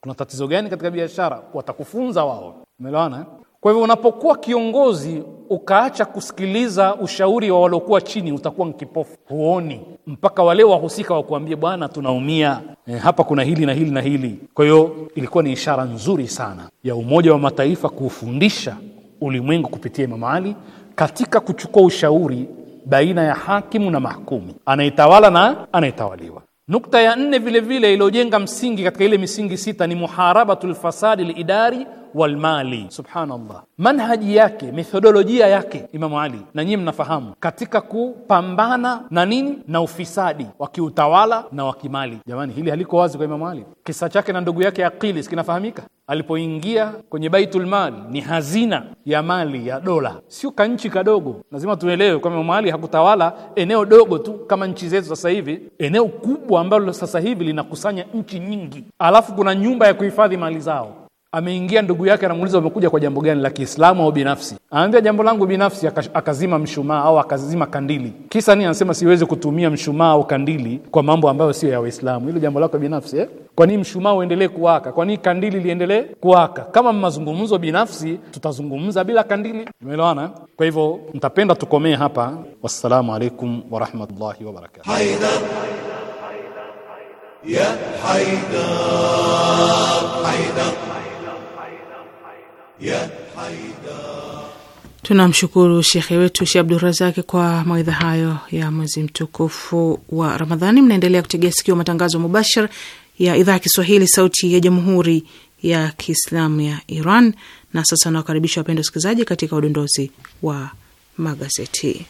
[SPEAKER 6] kuna tatizo gani katika biashara watakufunza wao umeelewana eh? kwa hivyo unapokuwa kiongozi ukaacha kusikiliza ushauri wa waliokuwa chini utakuwa mkipofu huoni mpaka wale wahusika wakuambie bwana tunaumia e, hapa kuna hili na hili na hili kwa hiyo ilikuwa ni ishara nzuri sana ya umoja wa mataifa kuufundisha ulimwengu kupitia imamali katika kuchukua ushauri baina ya hakimu na mahkumu, anayetawala na anayetawaliwa. Nukta ya nne vile vile iliyojenga msingi katika ile misingi sita ni muharabatul fasadi lidari walmali. Subhanallah, manhaji yake, methodolojia yake Imamu Ali na nyinyi mnafahamu, katika kupambana na nini na ufisadi wa kiutawala na wa kimali. Jamani, hili haliko wazi kwa Imamu Ali. Kisa chake na ndugu yake Aqili kinafahamika alipoingia kwenye Baitul Mal ni hazina ya mali ya dola, sio kanchi kadogo. Lazima tuelewe kwamba Imamu Ali hakutawala eneo dogo tu kama nchi zetu sasa hivi, eneo kubwa ambalo sasa hivi linakusanya nchi nyingi, alafu kuna nyumba ya kuhifadhi mali zao ameingia ndugu yake anamuuliza umekuja kwa jambo gani la kiislamu au binafsi anaambia jambo langu binafsi akazima mshumaa au akazima kandili kisa ni anasema siwezi kutumia mshumaa au kandili kwa mambo ambayo sio ya waislamu hilo jambo lako binafsi eh? kwa nini mshumaa uendelee kuwaka kwa nini kandili liendelee kuwaka kama mazungumzo binafsi tutazungumza bila kandili umeelewana eh? kwa hivyo mtapenda tukomee hapa wassalamu alaikum warahmatullahi wabarakatu
[SPEAKER 3] ya
[SPEAKER 4] Tunamshukuru shekhe wetu Sheh razak kwa mawaidha hayo ya mwezi mtukufu wa Ramadhani. Mnaendelea kutegea sikio matangazo mubashara ya idhaa ya Kiswahili, Sauti ya Jamhuri ya Kiislamu ya Iran. Na sasa nawakaribisha wapenda wasikilizaji katika udondozi wa magazeti.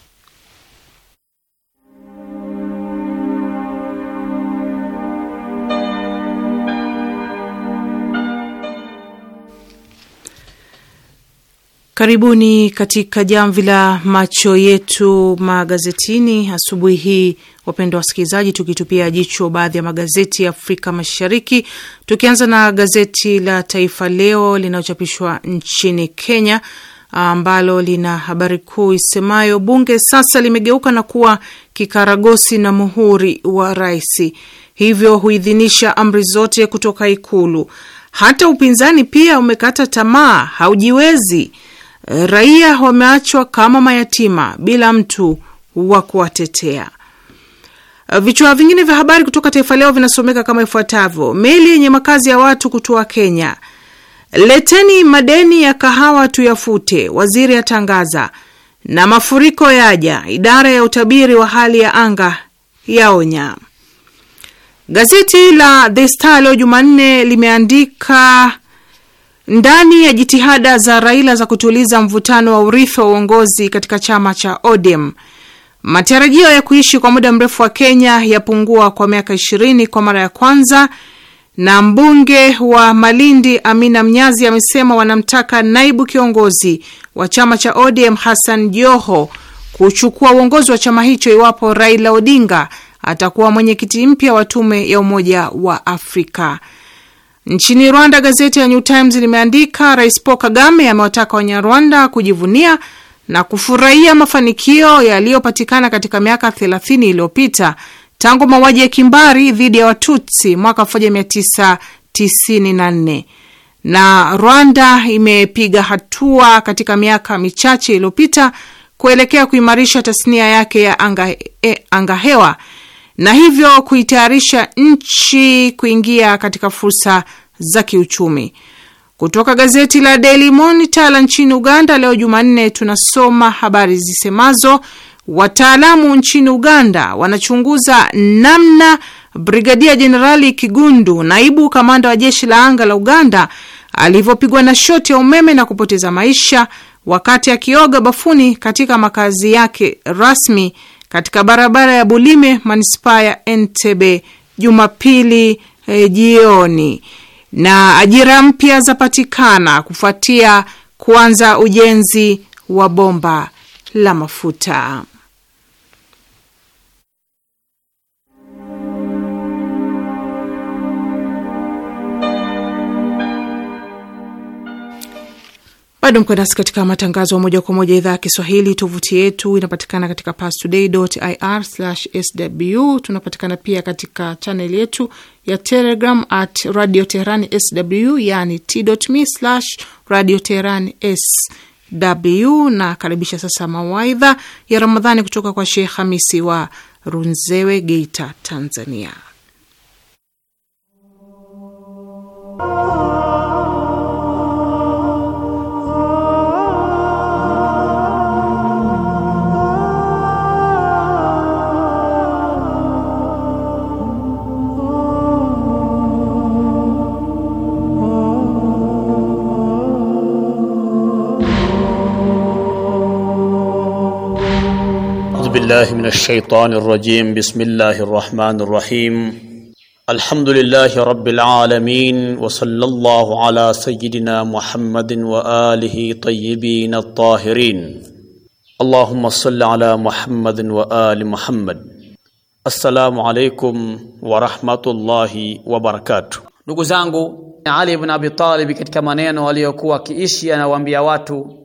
[SPEAKER 4] Karibuni katika jamvi la macho yetu magazetini asubuhi hii, wapendwa wasikilizaji, tukitupia jicho baadhi ya magazeti ya Afrika Mashariki, tukianza na gazeti la Taifa Leo linalochapishwa nchini Kenya ambalo lina habari kuu isemayo bunge sasa limegeuka na kuwa kikaragosi na muhuri wa rais, hivyo huidhinisha amri zote kutoka Ikulu. Hata upinzani pia umekata tamaa, haujiwezi Eh, raia wameachwa kama mayatima bila mtu wa kuwatetea. Eh, vichwa vingine vya habari kutoka Taifa Leo vinasomeka kama ifuatavyo: meli yenye makazi ya watu kutua Kenya, leteni madeni ya kahawa tuyafute, waziri atangaza, na mafuriko yaja, idara ya utabiri wa hali ya anga yaonya. Gazeti la The Star leo Jumanne limeandika ndani ya jitihada za Raila za kutuliza mvutano wa urithi wa uongozi katika chama cha ODM, matarajio ya kuishi kwa muda mrefu wa Kenya yapungua kwa miaka 20 kwa mara ya kwanza, na mbunge wa Malindi Amina Mnyazi amesema wanamtaka naibu kiongozi wa chama cha ODM Hassan Joho kuchukua uongozi wa chama hicho iwapo Raila Odinga atakuwa mwenyekiti mpya wa tume ya Umoja wa Afrika. Nchini Rwanda, gazeti ya New Times limeandika Rais Paul Kagame amewataka Wanyarwanda kujivunia na kufurahia mafanikio yaliyopatikana katika miaka 30 iliyopita tangu mauaji ya kimbari dhidi ya Watutsi mwaka 1994 na Rwanda imepiga hatua katika miaka michache iliyopita kuelekea kuimarisha tasnia yake ya anga, e, eh, angahewa na hivyo kuitayarisha nchi kuingia katika fursa za kiuchumi. Kutoka gazeti la Daily Monitor la nchini Uganda leo Jumanne tunasoma habari zisemazo wataalamu nchini Uganda wanachunguza namna Brigadia Jenerali Kigundu, naibu kamanda wa jeshi la anga la Uganda, alivyopigwa na shoti ya umeme na kupoteza maisha wakati akioga bafuni katika makazi yake rasmi katika barabara ya Bulime, manispaa ya Entebbe, Jumapili e, jioni. Na ajira mpya zapatikana kufuatia kuanza ujenzi wa bomba la mafuta. Bado mko nasi katika matangazo ya moja kwa moja idhaa ya Kiswahili. Tovuti yetu inapatikana katika pastoday.ir/sw. Tunapatikana pia katika chaneli yetu ya Telegram at Radio Teheran sw, yani t.me/radio teheran sw. Na karibisha sasa mawaidha ya Ramadhani kutoka kwa Sheikh Hamisi wa Runzewe, Geita, Tanzania.
[SPEAKER 2] بالله من الشيطان الرجيم بسم الله الرحمن الرحيم الحمد لله رب العالمين وصلى الله على سيدنا محمد وآله طيبين الطاهرين اللهم صل على محمد وآل محمد السلام عليكم ورحمة الله وبركاته نقول زانقو علي بن أبي طالب katika maneno aliyokuwa akiishi anawaambia watu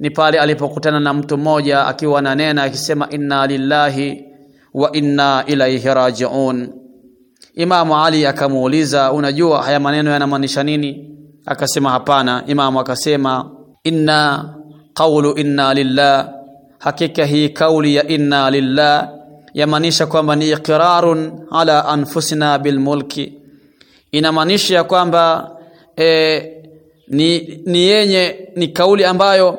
[SPEAKER 2] ni pale alipokutana na mtu mmoja akiwa ananena akisema inna lillahi wa inna ilaihi rajiun. Imamu Ali akamuuliza, unajua haya maneno yanamaanisha nini? Akasema hapana. Imamu akasema inna qawlu inna lillah, hakika hii kauli ya inna lillah yamaanisha kwamba ni iqrarun ala anfusina bilmulki, inamaanisha ya kwamba e, ni, ni yenye ni kauli ambayo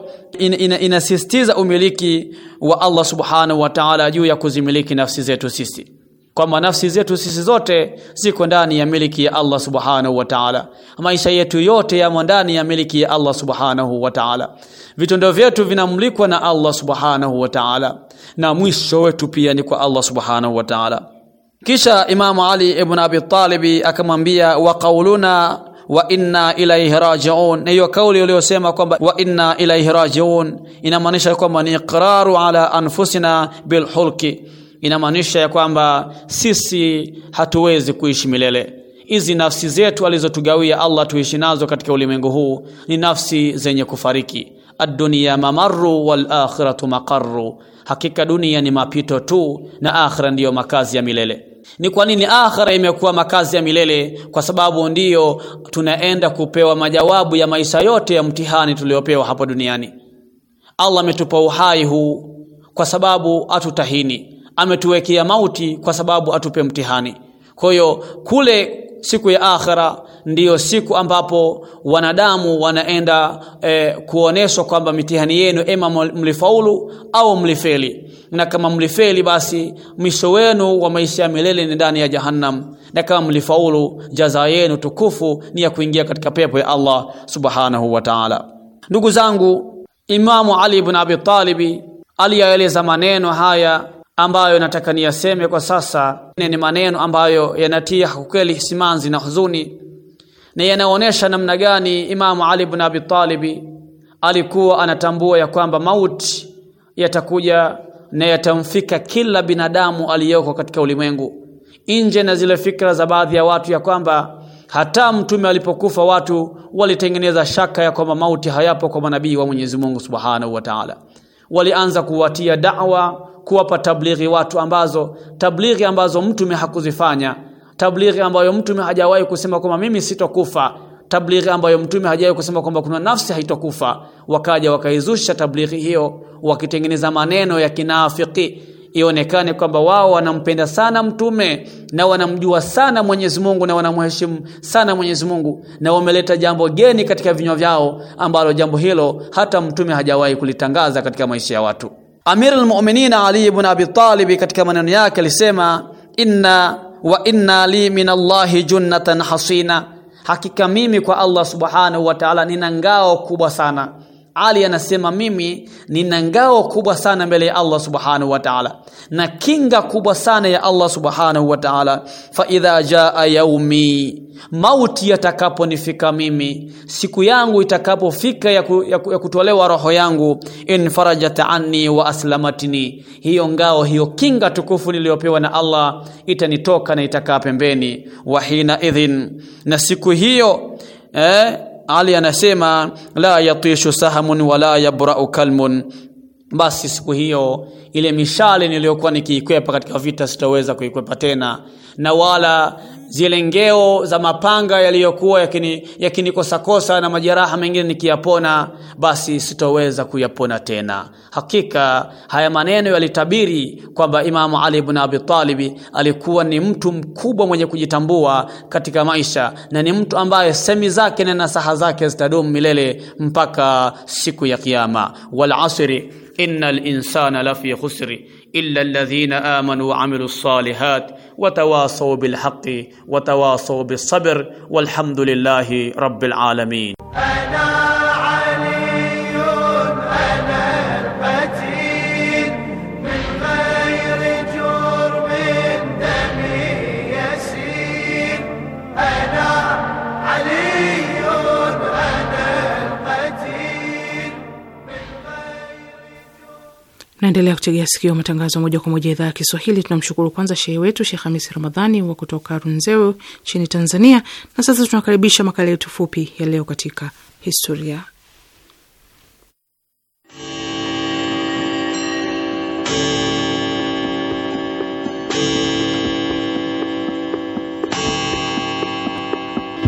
[SPEAKER 2] inasisitiza in, umiliki wa Allah subhanahu wa ta'ala juu ya kuzimiliki nafsi zetu sisi kwamba nafsi zetu sisi zote ziko ndani ya miliki ya Allah subhanahu wa ta'ala. Maisha yetu yote yamo ndani ya miliki ya Allah subhanahu wa ta'ala. Vitendo vyetu vinamlikwa na Allah subhanahu wa ta'ala, na mwisho wetu pia ni kwa Allah subhanahu wa ta'ala. Kisha Imamu Ali ibn Abi Talib akamwambia wa qauluna wa inna ilayhi rajiun. Na hiyo kauli uliyosema kwamba wa inna ilaihi rajiun inamaanisha kwamba ni iqraru ala anfusina bilhulki, inamaanisha ya kwamba sisi hatuwezi kuishi milele. Hizi nafsi zetu alizotugawia Allah tuishi nazo katika ulimwengu huu ni nafsi zenye kufariki. Ad-dunya mamarru wal akhiratu maqarru Hakika dunia ni mapito tu na akhira ndiyo makazi ya milele. Ni kwa nini akhira imekuwa makazi ya milele? Kwa sababu ndiyo tunaenda kupewa majawabu ya maisha yote ya mtihani tuliopewa hapa duniani. Allah ametupa uhai huu kwa sababu atutahini, ametuwekea mauti kwa sababu atupe mtihani. Kwa hiyo kule siku ya akhira ndiyo siku ambapo wanadamu wanaenda e, eh, kuoneshwa kwamba mitihani yenu ema eh, mlifaulu au mlifeli na kama mlifeli basi mwisho wenu wa maisha ya milele ni ndani ya jahannam na kama mlifaulu jaza yenu tukufu ni ya kuingia katika pepo ya Allah subhanahu wa ta'ala ndugu zangu Imamu Ali ibn Abi Talibi aliyaeleza maneno haya ambayo nataka niyaseme kwa sasa ni maneno ambayo yanatia kweli simanzi na huzuni na yanaonesha namna gani Imamu Ali ibn Abi Talib alikuwa anatambua ya kwamba mauti yatakuja na yatamfika kila binadamu aliyoko katika ulimwengu nje na zile fikra za baadhi ya watu ya kwamba hata mtume alipokufa watu walitengeneza shaka ya kwamba mauti hayapo kwa manabii wa Mwenyezi Mungu Subhanahu wa Ta'ala walianza kuwatia da'wa kuwapa tablighi watu ambazo tablighi ambazo mtume hakuzifanya tablighi ambayo mtume hajawahi kusema kwamba mimi sitokufa tablighi ambayo mtume hajawahi kusema kwamba kuna nafsi haitokufa wakaja wakaizusha tablighi hiyo wakitengeneza maneno ya kinafiki ionekane kwamba wao wanampenda sana mtume na wanamjua sana Mwenyezi Mungu na wanamheshimu sana Mwenyezi Mungu na wameleta jambo geni katika vinywa vyao ambalo jambo hilo hata mtume hajawahi kulitangaza katika maisha ya watu Amir al-Mu'minin Ali ibn Abi Talib katika maneno yake alisema inna wa inna li min Allahi junnatan hasina, hakika mimi kwa Allah subhanahu wa ta'ala nina ngao kubwa sana ali anasema mimi nina ngao kubwa sana mbele ya Allah subhanahu wa ta'ala na kinga kubwa sana ya Allah subhanahu wa ta'ala fa idha jaa yaumi mauti yatakaponifika mimi siku yangu itakapofika ya, ku, ya, ku, ya kutolewa roho yangu infarajat anni wa aslamatini hiyo ngao hiyo kinga tukufu niliyopewa na Allah itanitoka na itakaa pembeni wa hina idhin na siku hiyo eh Ali anasema la yatishu sahamun wala yabrau kalmun basi siku hiyo ile mishale niliyokuwa nikiikwepa katika vita sitaweza kuikwepa tena na wala zile ngeo za mapanga yaliyokuwa yakinikosakosa yakini na majeraha mengine nikiyapona basi sitoweza kuyapona tena hakika haya maneno yalitabiri kwamba imamu ali ibn abi Talib alikuwa ni mtu mkubwa mwenye kujitambua katika maisha na ni mtu ambaye semi zake na nasaha zake zitadumu milele mpaka siku ya kiama wal asri إن الإنسان لفي خسر إلا الذين آمنوا وعملوا الصالحات وتواصوا بالحق وتواصوا بالصبر والحمد لله رب العالمين
[SPEAKER 4] Naendelea kutegea sikio matangazo moja kwa moja idhaa ya Kiswahili. Tunamshukuru kwanza shehe wetu Shekh Hamisi Ramadhani wa kutoka Runzewe nchini Tanzania. Na sasa tunakaribisha makala yetu fupi ya leo katika historia.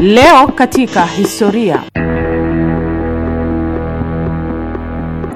[SPEAKER 4] Leo katika historia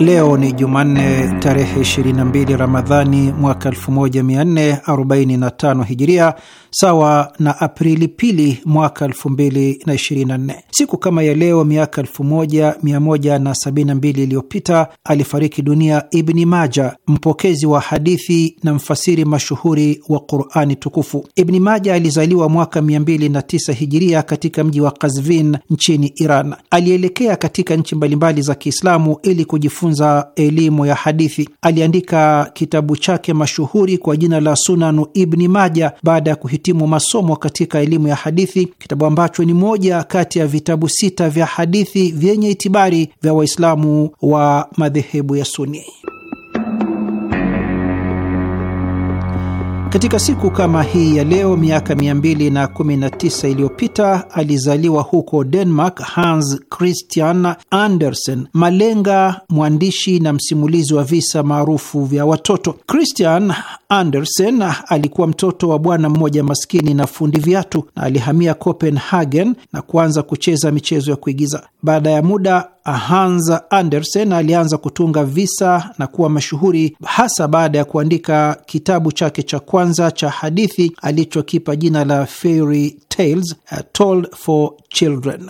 [SPEAKER 5] Leo ni Jumanne tarehe 22 Ramadhani mwaka 1445 Hijiria, sawa na Aprili pili mwaka 2024. Siku kama ya leo miaka 1172 iliyopita alifariki dunia Ibni Maja, mpokezi wa hadithi na mfasiri mashuhuri wa Qurani Tukufu. Ibni Maja alizaliwa mwaka 209 Hijiria katika mji wa Kazvin nchini Iran. Alielekea katika nchi mbalimbali za Kiislamu ili kujifunza kujifunza elimu ya hadithi. Aliandika kitabu chake mashuhuri kwa jina la Sunanu Ibni Maja baada ya kuhitimu masomo katika elimu ya hadithi, kitabu ambacho ni moja kati ya vitabu sita vya hadithi vyenye itibari vya Waislamu wa madhehebu ya Suni. Katika siku kama hii ya leo miaka 219 iliyopita alizaliwa huko Denmark Hans Christian Andersen, malenga, mwandishi na msimulizi wa visa maarufu vya watoto. Christian Andersen alikuwa mtoto wa bwana mmoja maskini na fundi viatu, na alihamia Copenhagen na kuanza kucheza michezo ya kuigiza. Baada ya muda Hans Andersen alianza kutunga visa na kuwa mashuhuri hasa baada ya kuandika kitabu chake cha kwanza cha hadithi alichokipa jina la Fairy Tales Told for Children.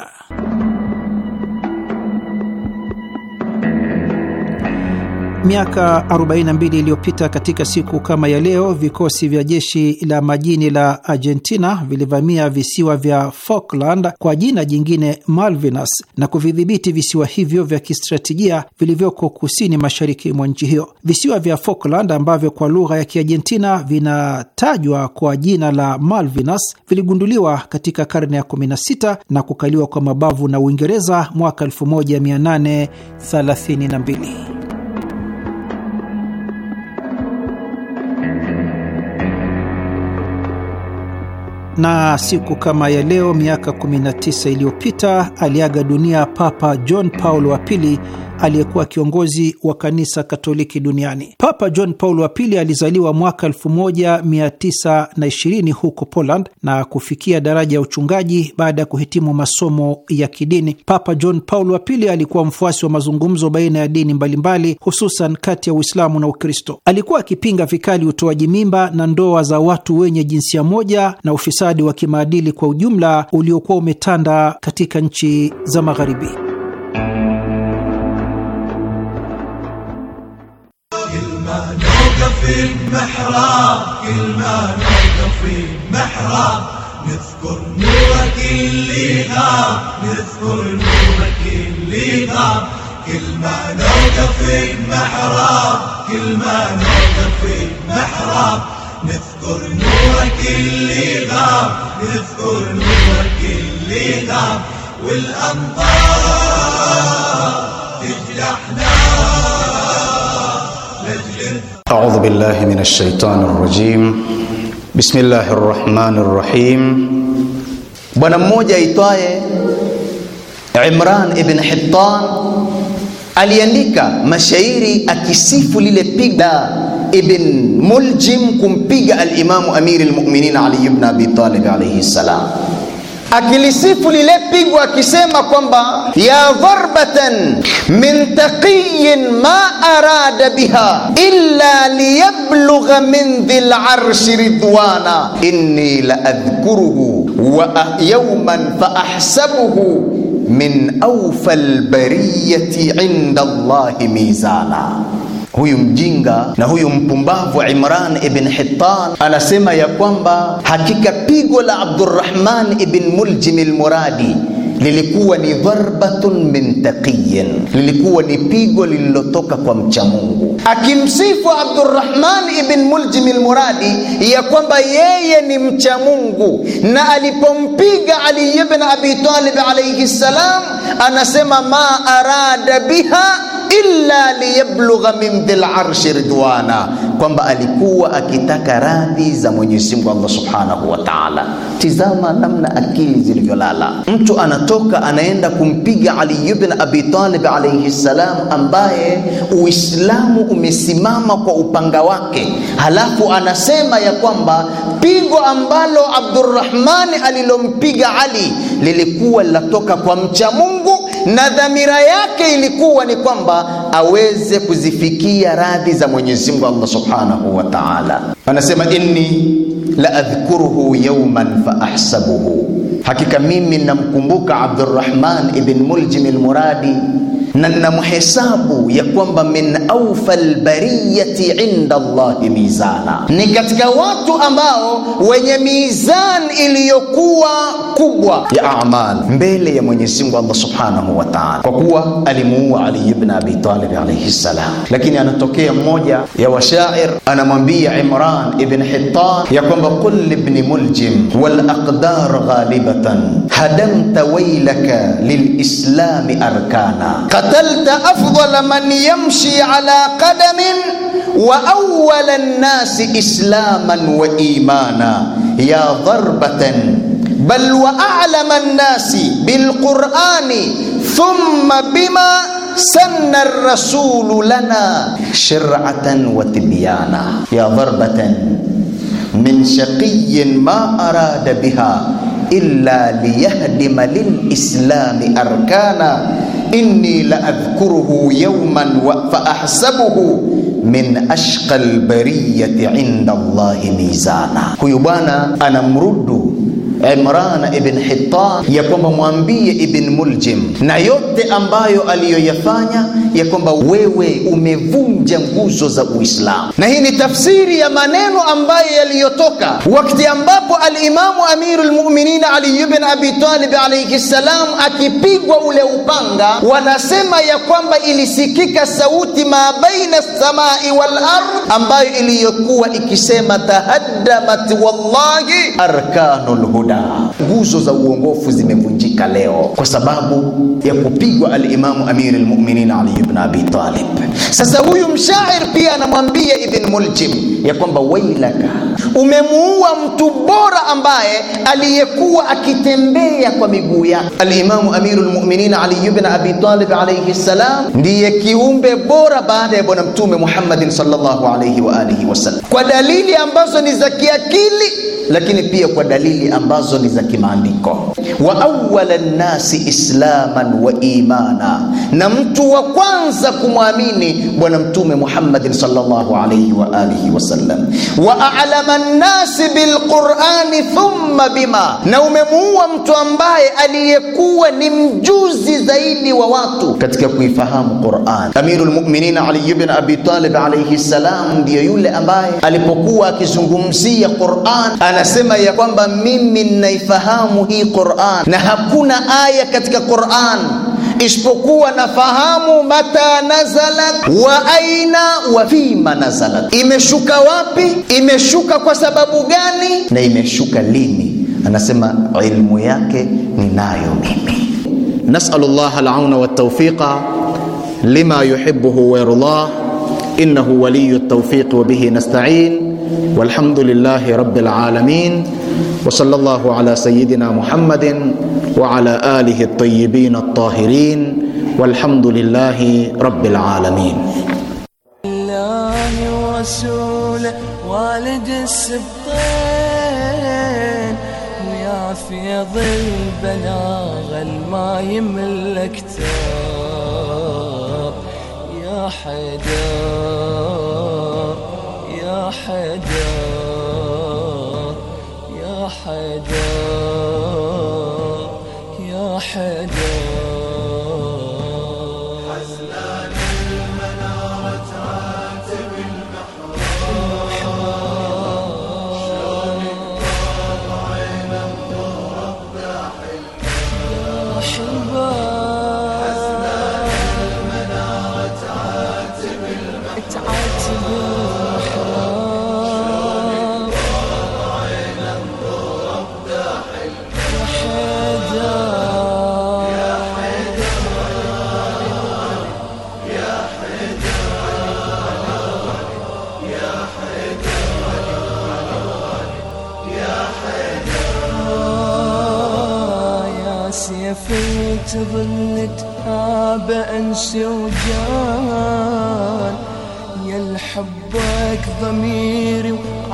[SPEAKER 5] Miaka 42 iliyopita katika siku kama ya leo, vikosi vya jeshi la majini la Argentina vilivamia visiwa vya Falkland kwa jina jingine Malvinas na kuvidhibiti visiwa hivyo vya kistratejia vilivyoko kusini mashariki mwa nchi hiyo. Visiwa vya Falkland ambavyo kwa lugha ya Kiargentina vinatajwa kwa jina la Malvinas viligunduliwa katika karne ya 16 na kukaliwa kwa mabavu na Uingereza mwaka 1832. na siku kama ya leo miaka 19 iliyopita aliaga dunia Papa John Paulo wa pili aliyekuwa kiongozi wa kanisa Katoliki duniani. Papa John Paul wa pili alizaliwa mwaka 1920 huko Poland na kufikia daraja ya uchungaji baada ya kuhitimu masomo ya kidini. Papa John Paul wa pili alikuwa mfuasi wa mazungumzo baina ya dini mbalimbali, hususan kati ya Uislamu na Ukristo. Alikuwa akipinga vikali utoaji mimba na ndoa za watu wenye jinsia moja na ufisadi wa kimaadili kwa ujumla uliokuwa umetanda katika nchi za Magharibi.
[SPEAKER 3] محراب كل ما نوقف في محراب نذكر نورك اللي غاب نذكر نورك اللي غاب كل ما نوقف في محراب كل ما نوقف في محراب نذكر نورك اللي غاب نذكر نورك اللي غاب والأمطار تجلحنا
[SPEAKER 7] أعوذ بالله من الشيطان الرجيم بسم الله الرحمن الرحيم بنا موجة إتواي عمران ابن حطان أليانيكا مشايري أكسيف للبيدا ابن ملجم كم الإمام أمير المؤمنين علي بن أبي طالب عليه السلام akilisifu lile pigo akisema kwamba ya dharbatan min taqiyin ma arada biha illa liyablugha min dhil larshi ridwana inni la adhkuruhu wa yawman fa ahsabuhu min awfa lbariyati inda allahi mizana Huyu mjinga na huyu mpumbavu Imran ibn Hittan anasema ya kwamba hakika pigo la Abdurrahman ibn Muljim al-Muradi lilikuwa ni dharbatun min taqiyin, lilikuwa ni pigo lililotoka kwa mcha Mungu, akimsifu Abdurrahman ibn Muljim al-Muradi ya kwamba yeye ni mcha Mungu, na alipompiga Ali ibn Abi Talib alayhi salam, anasema ma arada biha illa liyablugha min dhil arshi ridwana, kwamba alikuwa akitaka radhi za Mwenyezi Mungu Allah Subhanahu wa Ta'ala. Tizama namna akili zilivyolala. Mtu anatoka anaenda kumpiga Ali ibn Abi Talib alayhi salam, ambaye Uislamu umesimama kwa upanga wake, halafu anasema ya kwamba pigo ambalo Abdurrahmani alilompiga Ali lilikuwa linatoka kwa mcha Mungu na dhamira yake ilikuwa ni kwamba aweze kuzifikia radhi za Mwenyezi Mungu Allah Subhanahu wa Ta'ala. Anasema inni la adhkuruhu yawman fa ahsabuhu, hakika mimi namkumbuka Abdurrahman ibn Muljim al-Muradi na namhesabu ya kwamba min aufa lbariyati inda Allahi mizana, ni katika watu ambao wenye mizan iliyokuwa kubwa ya amal mbele ya Mwenyezi Mungu Allah subhanahu wa ta'ala, kwa kuwa alimuua Ali ibn Abi Talib alayhi salam. Lakini anatokea mmoja ya washair anamwambia Imran ibn Hittan ya kwamba qul libn muljim wal aqdar ghalibatan hadamta waylaka lilislami arkana قتلت أفضل من يمشي على قدم وأول الناس إسلاما وإيمانا يا ضربة بل وأعلم الناس بالقرآن ثم بما سن الرسول لنا شرعة وتبيانا يا ضربة من شقي ما أراد بها إلا ليهدم للإسلام أركانا إني لأذكره يوما فأحسبه من أشقى البرية عند الله ميزانا هو أنا مرده Imran ibn Hittan ya kwamba mwambie Ibn Muljim na yote ambayo aliyoyafanya, ya kwamba wewe umevunja nguzo za Uislamu. Na hii ni tafsiri ya maneno ambayo yaliyotoka wakati ambapo al-Imamu Amirul Mu'minin Ali ibn Abi Talib alayhi salam akipigwa ule upanga, wanasema ya kwamba ilisikika sauti ma baina samai wal ard, ambayo iliyokuwa ikisema tahaddamat wallahi arkanul huda muda. Nguzo za uongofu zimevunjika leo kwa sababu ya kupigwa alimamu amiri lmuminin Ali ibn Abi Talib. Sasa huyu mshair pia anamwambia Ibn Muljim ya kwamba wailaka, umemuua mtu bora ambaye aliyekuwa akitembea kwa miguu yake. Alimamu amiru lmuminin Ali ibn Abi Talib alayhi salam ndiye kiumbe bora baada ya bwana Mtume Muhammadin sallallahu alayhi wa alihi wasallam, kwa dalili ambazo ni za kiakili, lakini pia kwa dalili ambazo ambazo ni za kimaandiko. Wa awwala nnasi islaman wa imana, na mtu wa kwanza kumwamini Bwana Mtume Muhammadin sallallahu alayhi wa alihi wasallam. Wa a'lama nnasi bilqurani thumma bima, na umemuua mtu ambaye aliyekuwa ni mjuzi zaidi wa watu katika kuifahamu Qur'an. Amirul Mu'minin Ali ibn Abi Talib alayhi salam ndiyo yule ambaye alipokuwa akizungumzia Qur'an anasema ya kwamba mimi naifahamu hii Qur'an, na hakuna aya katika Qur'an isipokuwa nafahamu mata nazalat wa aina wa fima nazalat, imeshuka wapi, imeshuka kwa sababu gani, na imeshuka lini. Anasema ilmu yake ninayo mimi. Nasalu Allah al-auna wa tawfiqa lima yuhibbuhu wa yardah innahu waliyyu at-tawfiq wa bihi nasta'in walhamdulillahi rabbil alamin. وصلى الله على سيدنا محمد وعلى اله الطيبين الطاهرين والحمد لله رب العالمين
[SPEAKER 3] الله ورسوله والد السبطين يا فيض البلاغ ما يمل كتاب يا حدا يا حدا حجر يا حجر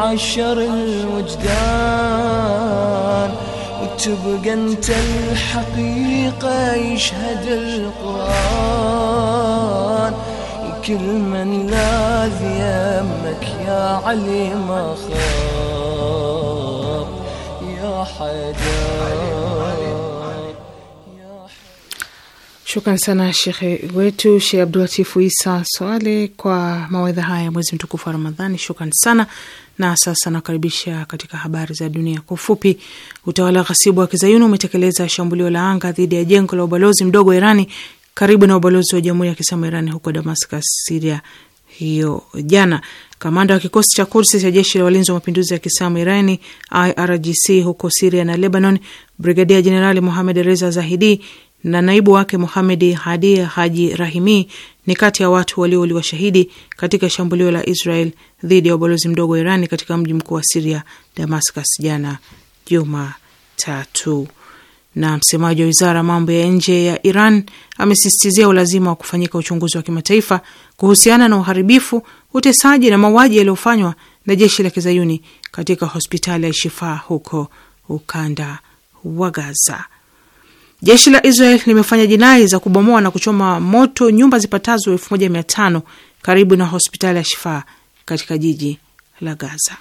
[SPEAKER 3] وعشر الوجدان وتبقى انت الحقيقة يشهد القرآن وكل من لاذ يمك يا علي ما خاب يا حدا
[SPEAKER 4] Shukran sana shekhe wetu Shekh Abdulatifu Isa Swale kwa mawaidha haya ya mwezi mtukufu wa Ramadhani. Shukran sana. Na sasa nakaribisha katika habari za dunia kwa ufupi. Utawala ghasibu wa kizayuni umetekeleza shambulio la anga dhidi ya jengo la ubalozi mdogo wa Irani karibu na ubalozi wa jamhuri ya kiislamu Irani huko Damascus, Siria hiyo jana. Kamanda wa kikosi cha Kursi cha jeshi la walinzi wa mapinduzi ya kiislamu Irani IRGC huko Siria na Lebanon, Brigadia Jenerali Muhamed Reza Zahidi na naibu wake Muhamedi Hadi Haji Rahimi ni kati ya watu waliouliwa shahidi katika shambulio la Israel dhidi ya ubalozi mdogo wa Irani katika mji mkuu wa Siria, Damascus, jana Jumatatu. Na msemaji wa wizara ya mambo ya nje ya Iran amesisitizia ulazima wa kufanyika uchunguzi wa kimataifa kuhusiana na uharibifu, utesaji na mauaji yaliyofanywa na jeshi la kizayuni katika hospitali ya Shifa huko ukanda wa Gaza. Jeshi la Israel limefanya jinai za kubomoa na kuchoma moto nyumba zipatazo elfu moja mia tano karibu na hospitali ya Shifaa katika jiji la Gaza.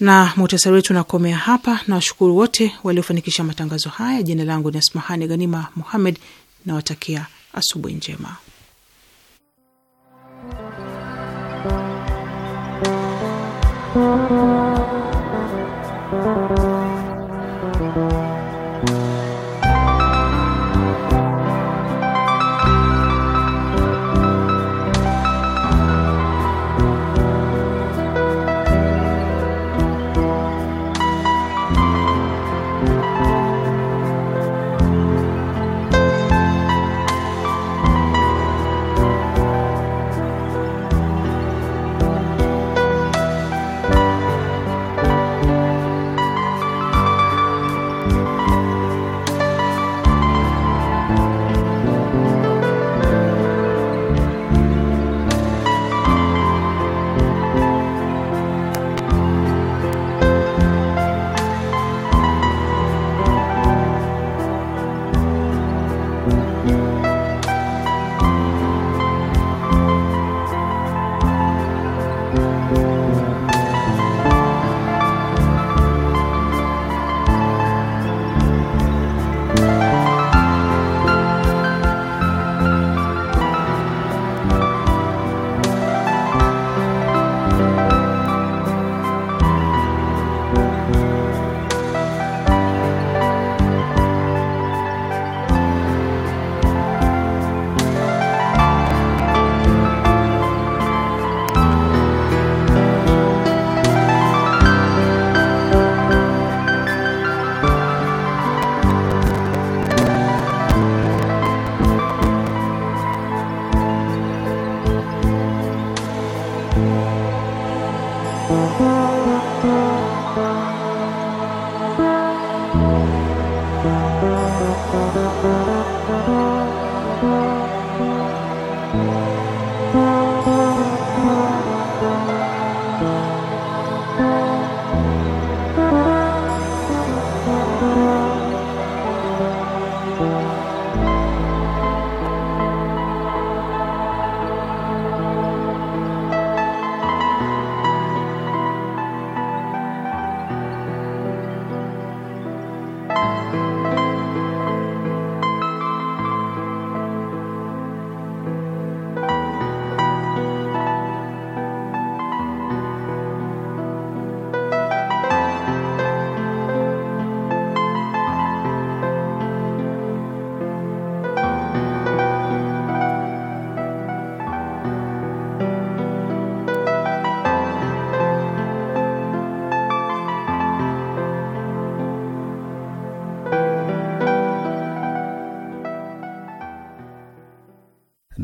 [SPEAKER 4] Na muhtasari wetu unakomea hapa, na washukuru wote waliofanikisha matangazo haya. Jina langu ni Asmahani Ghanima Muhammed, nawatakia asubuhi njema.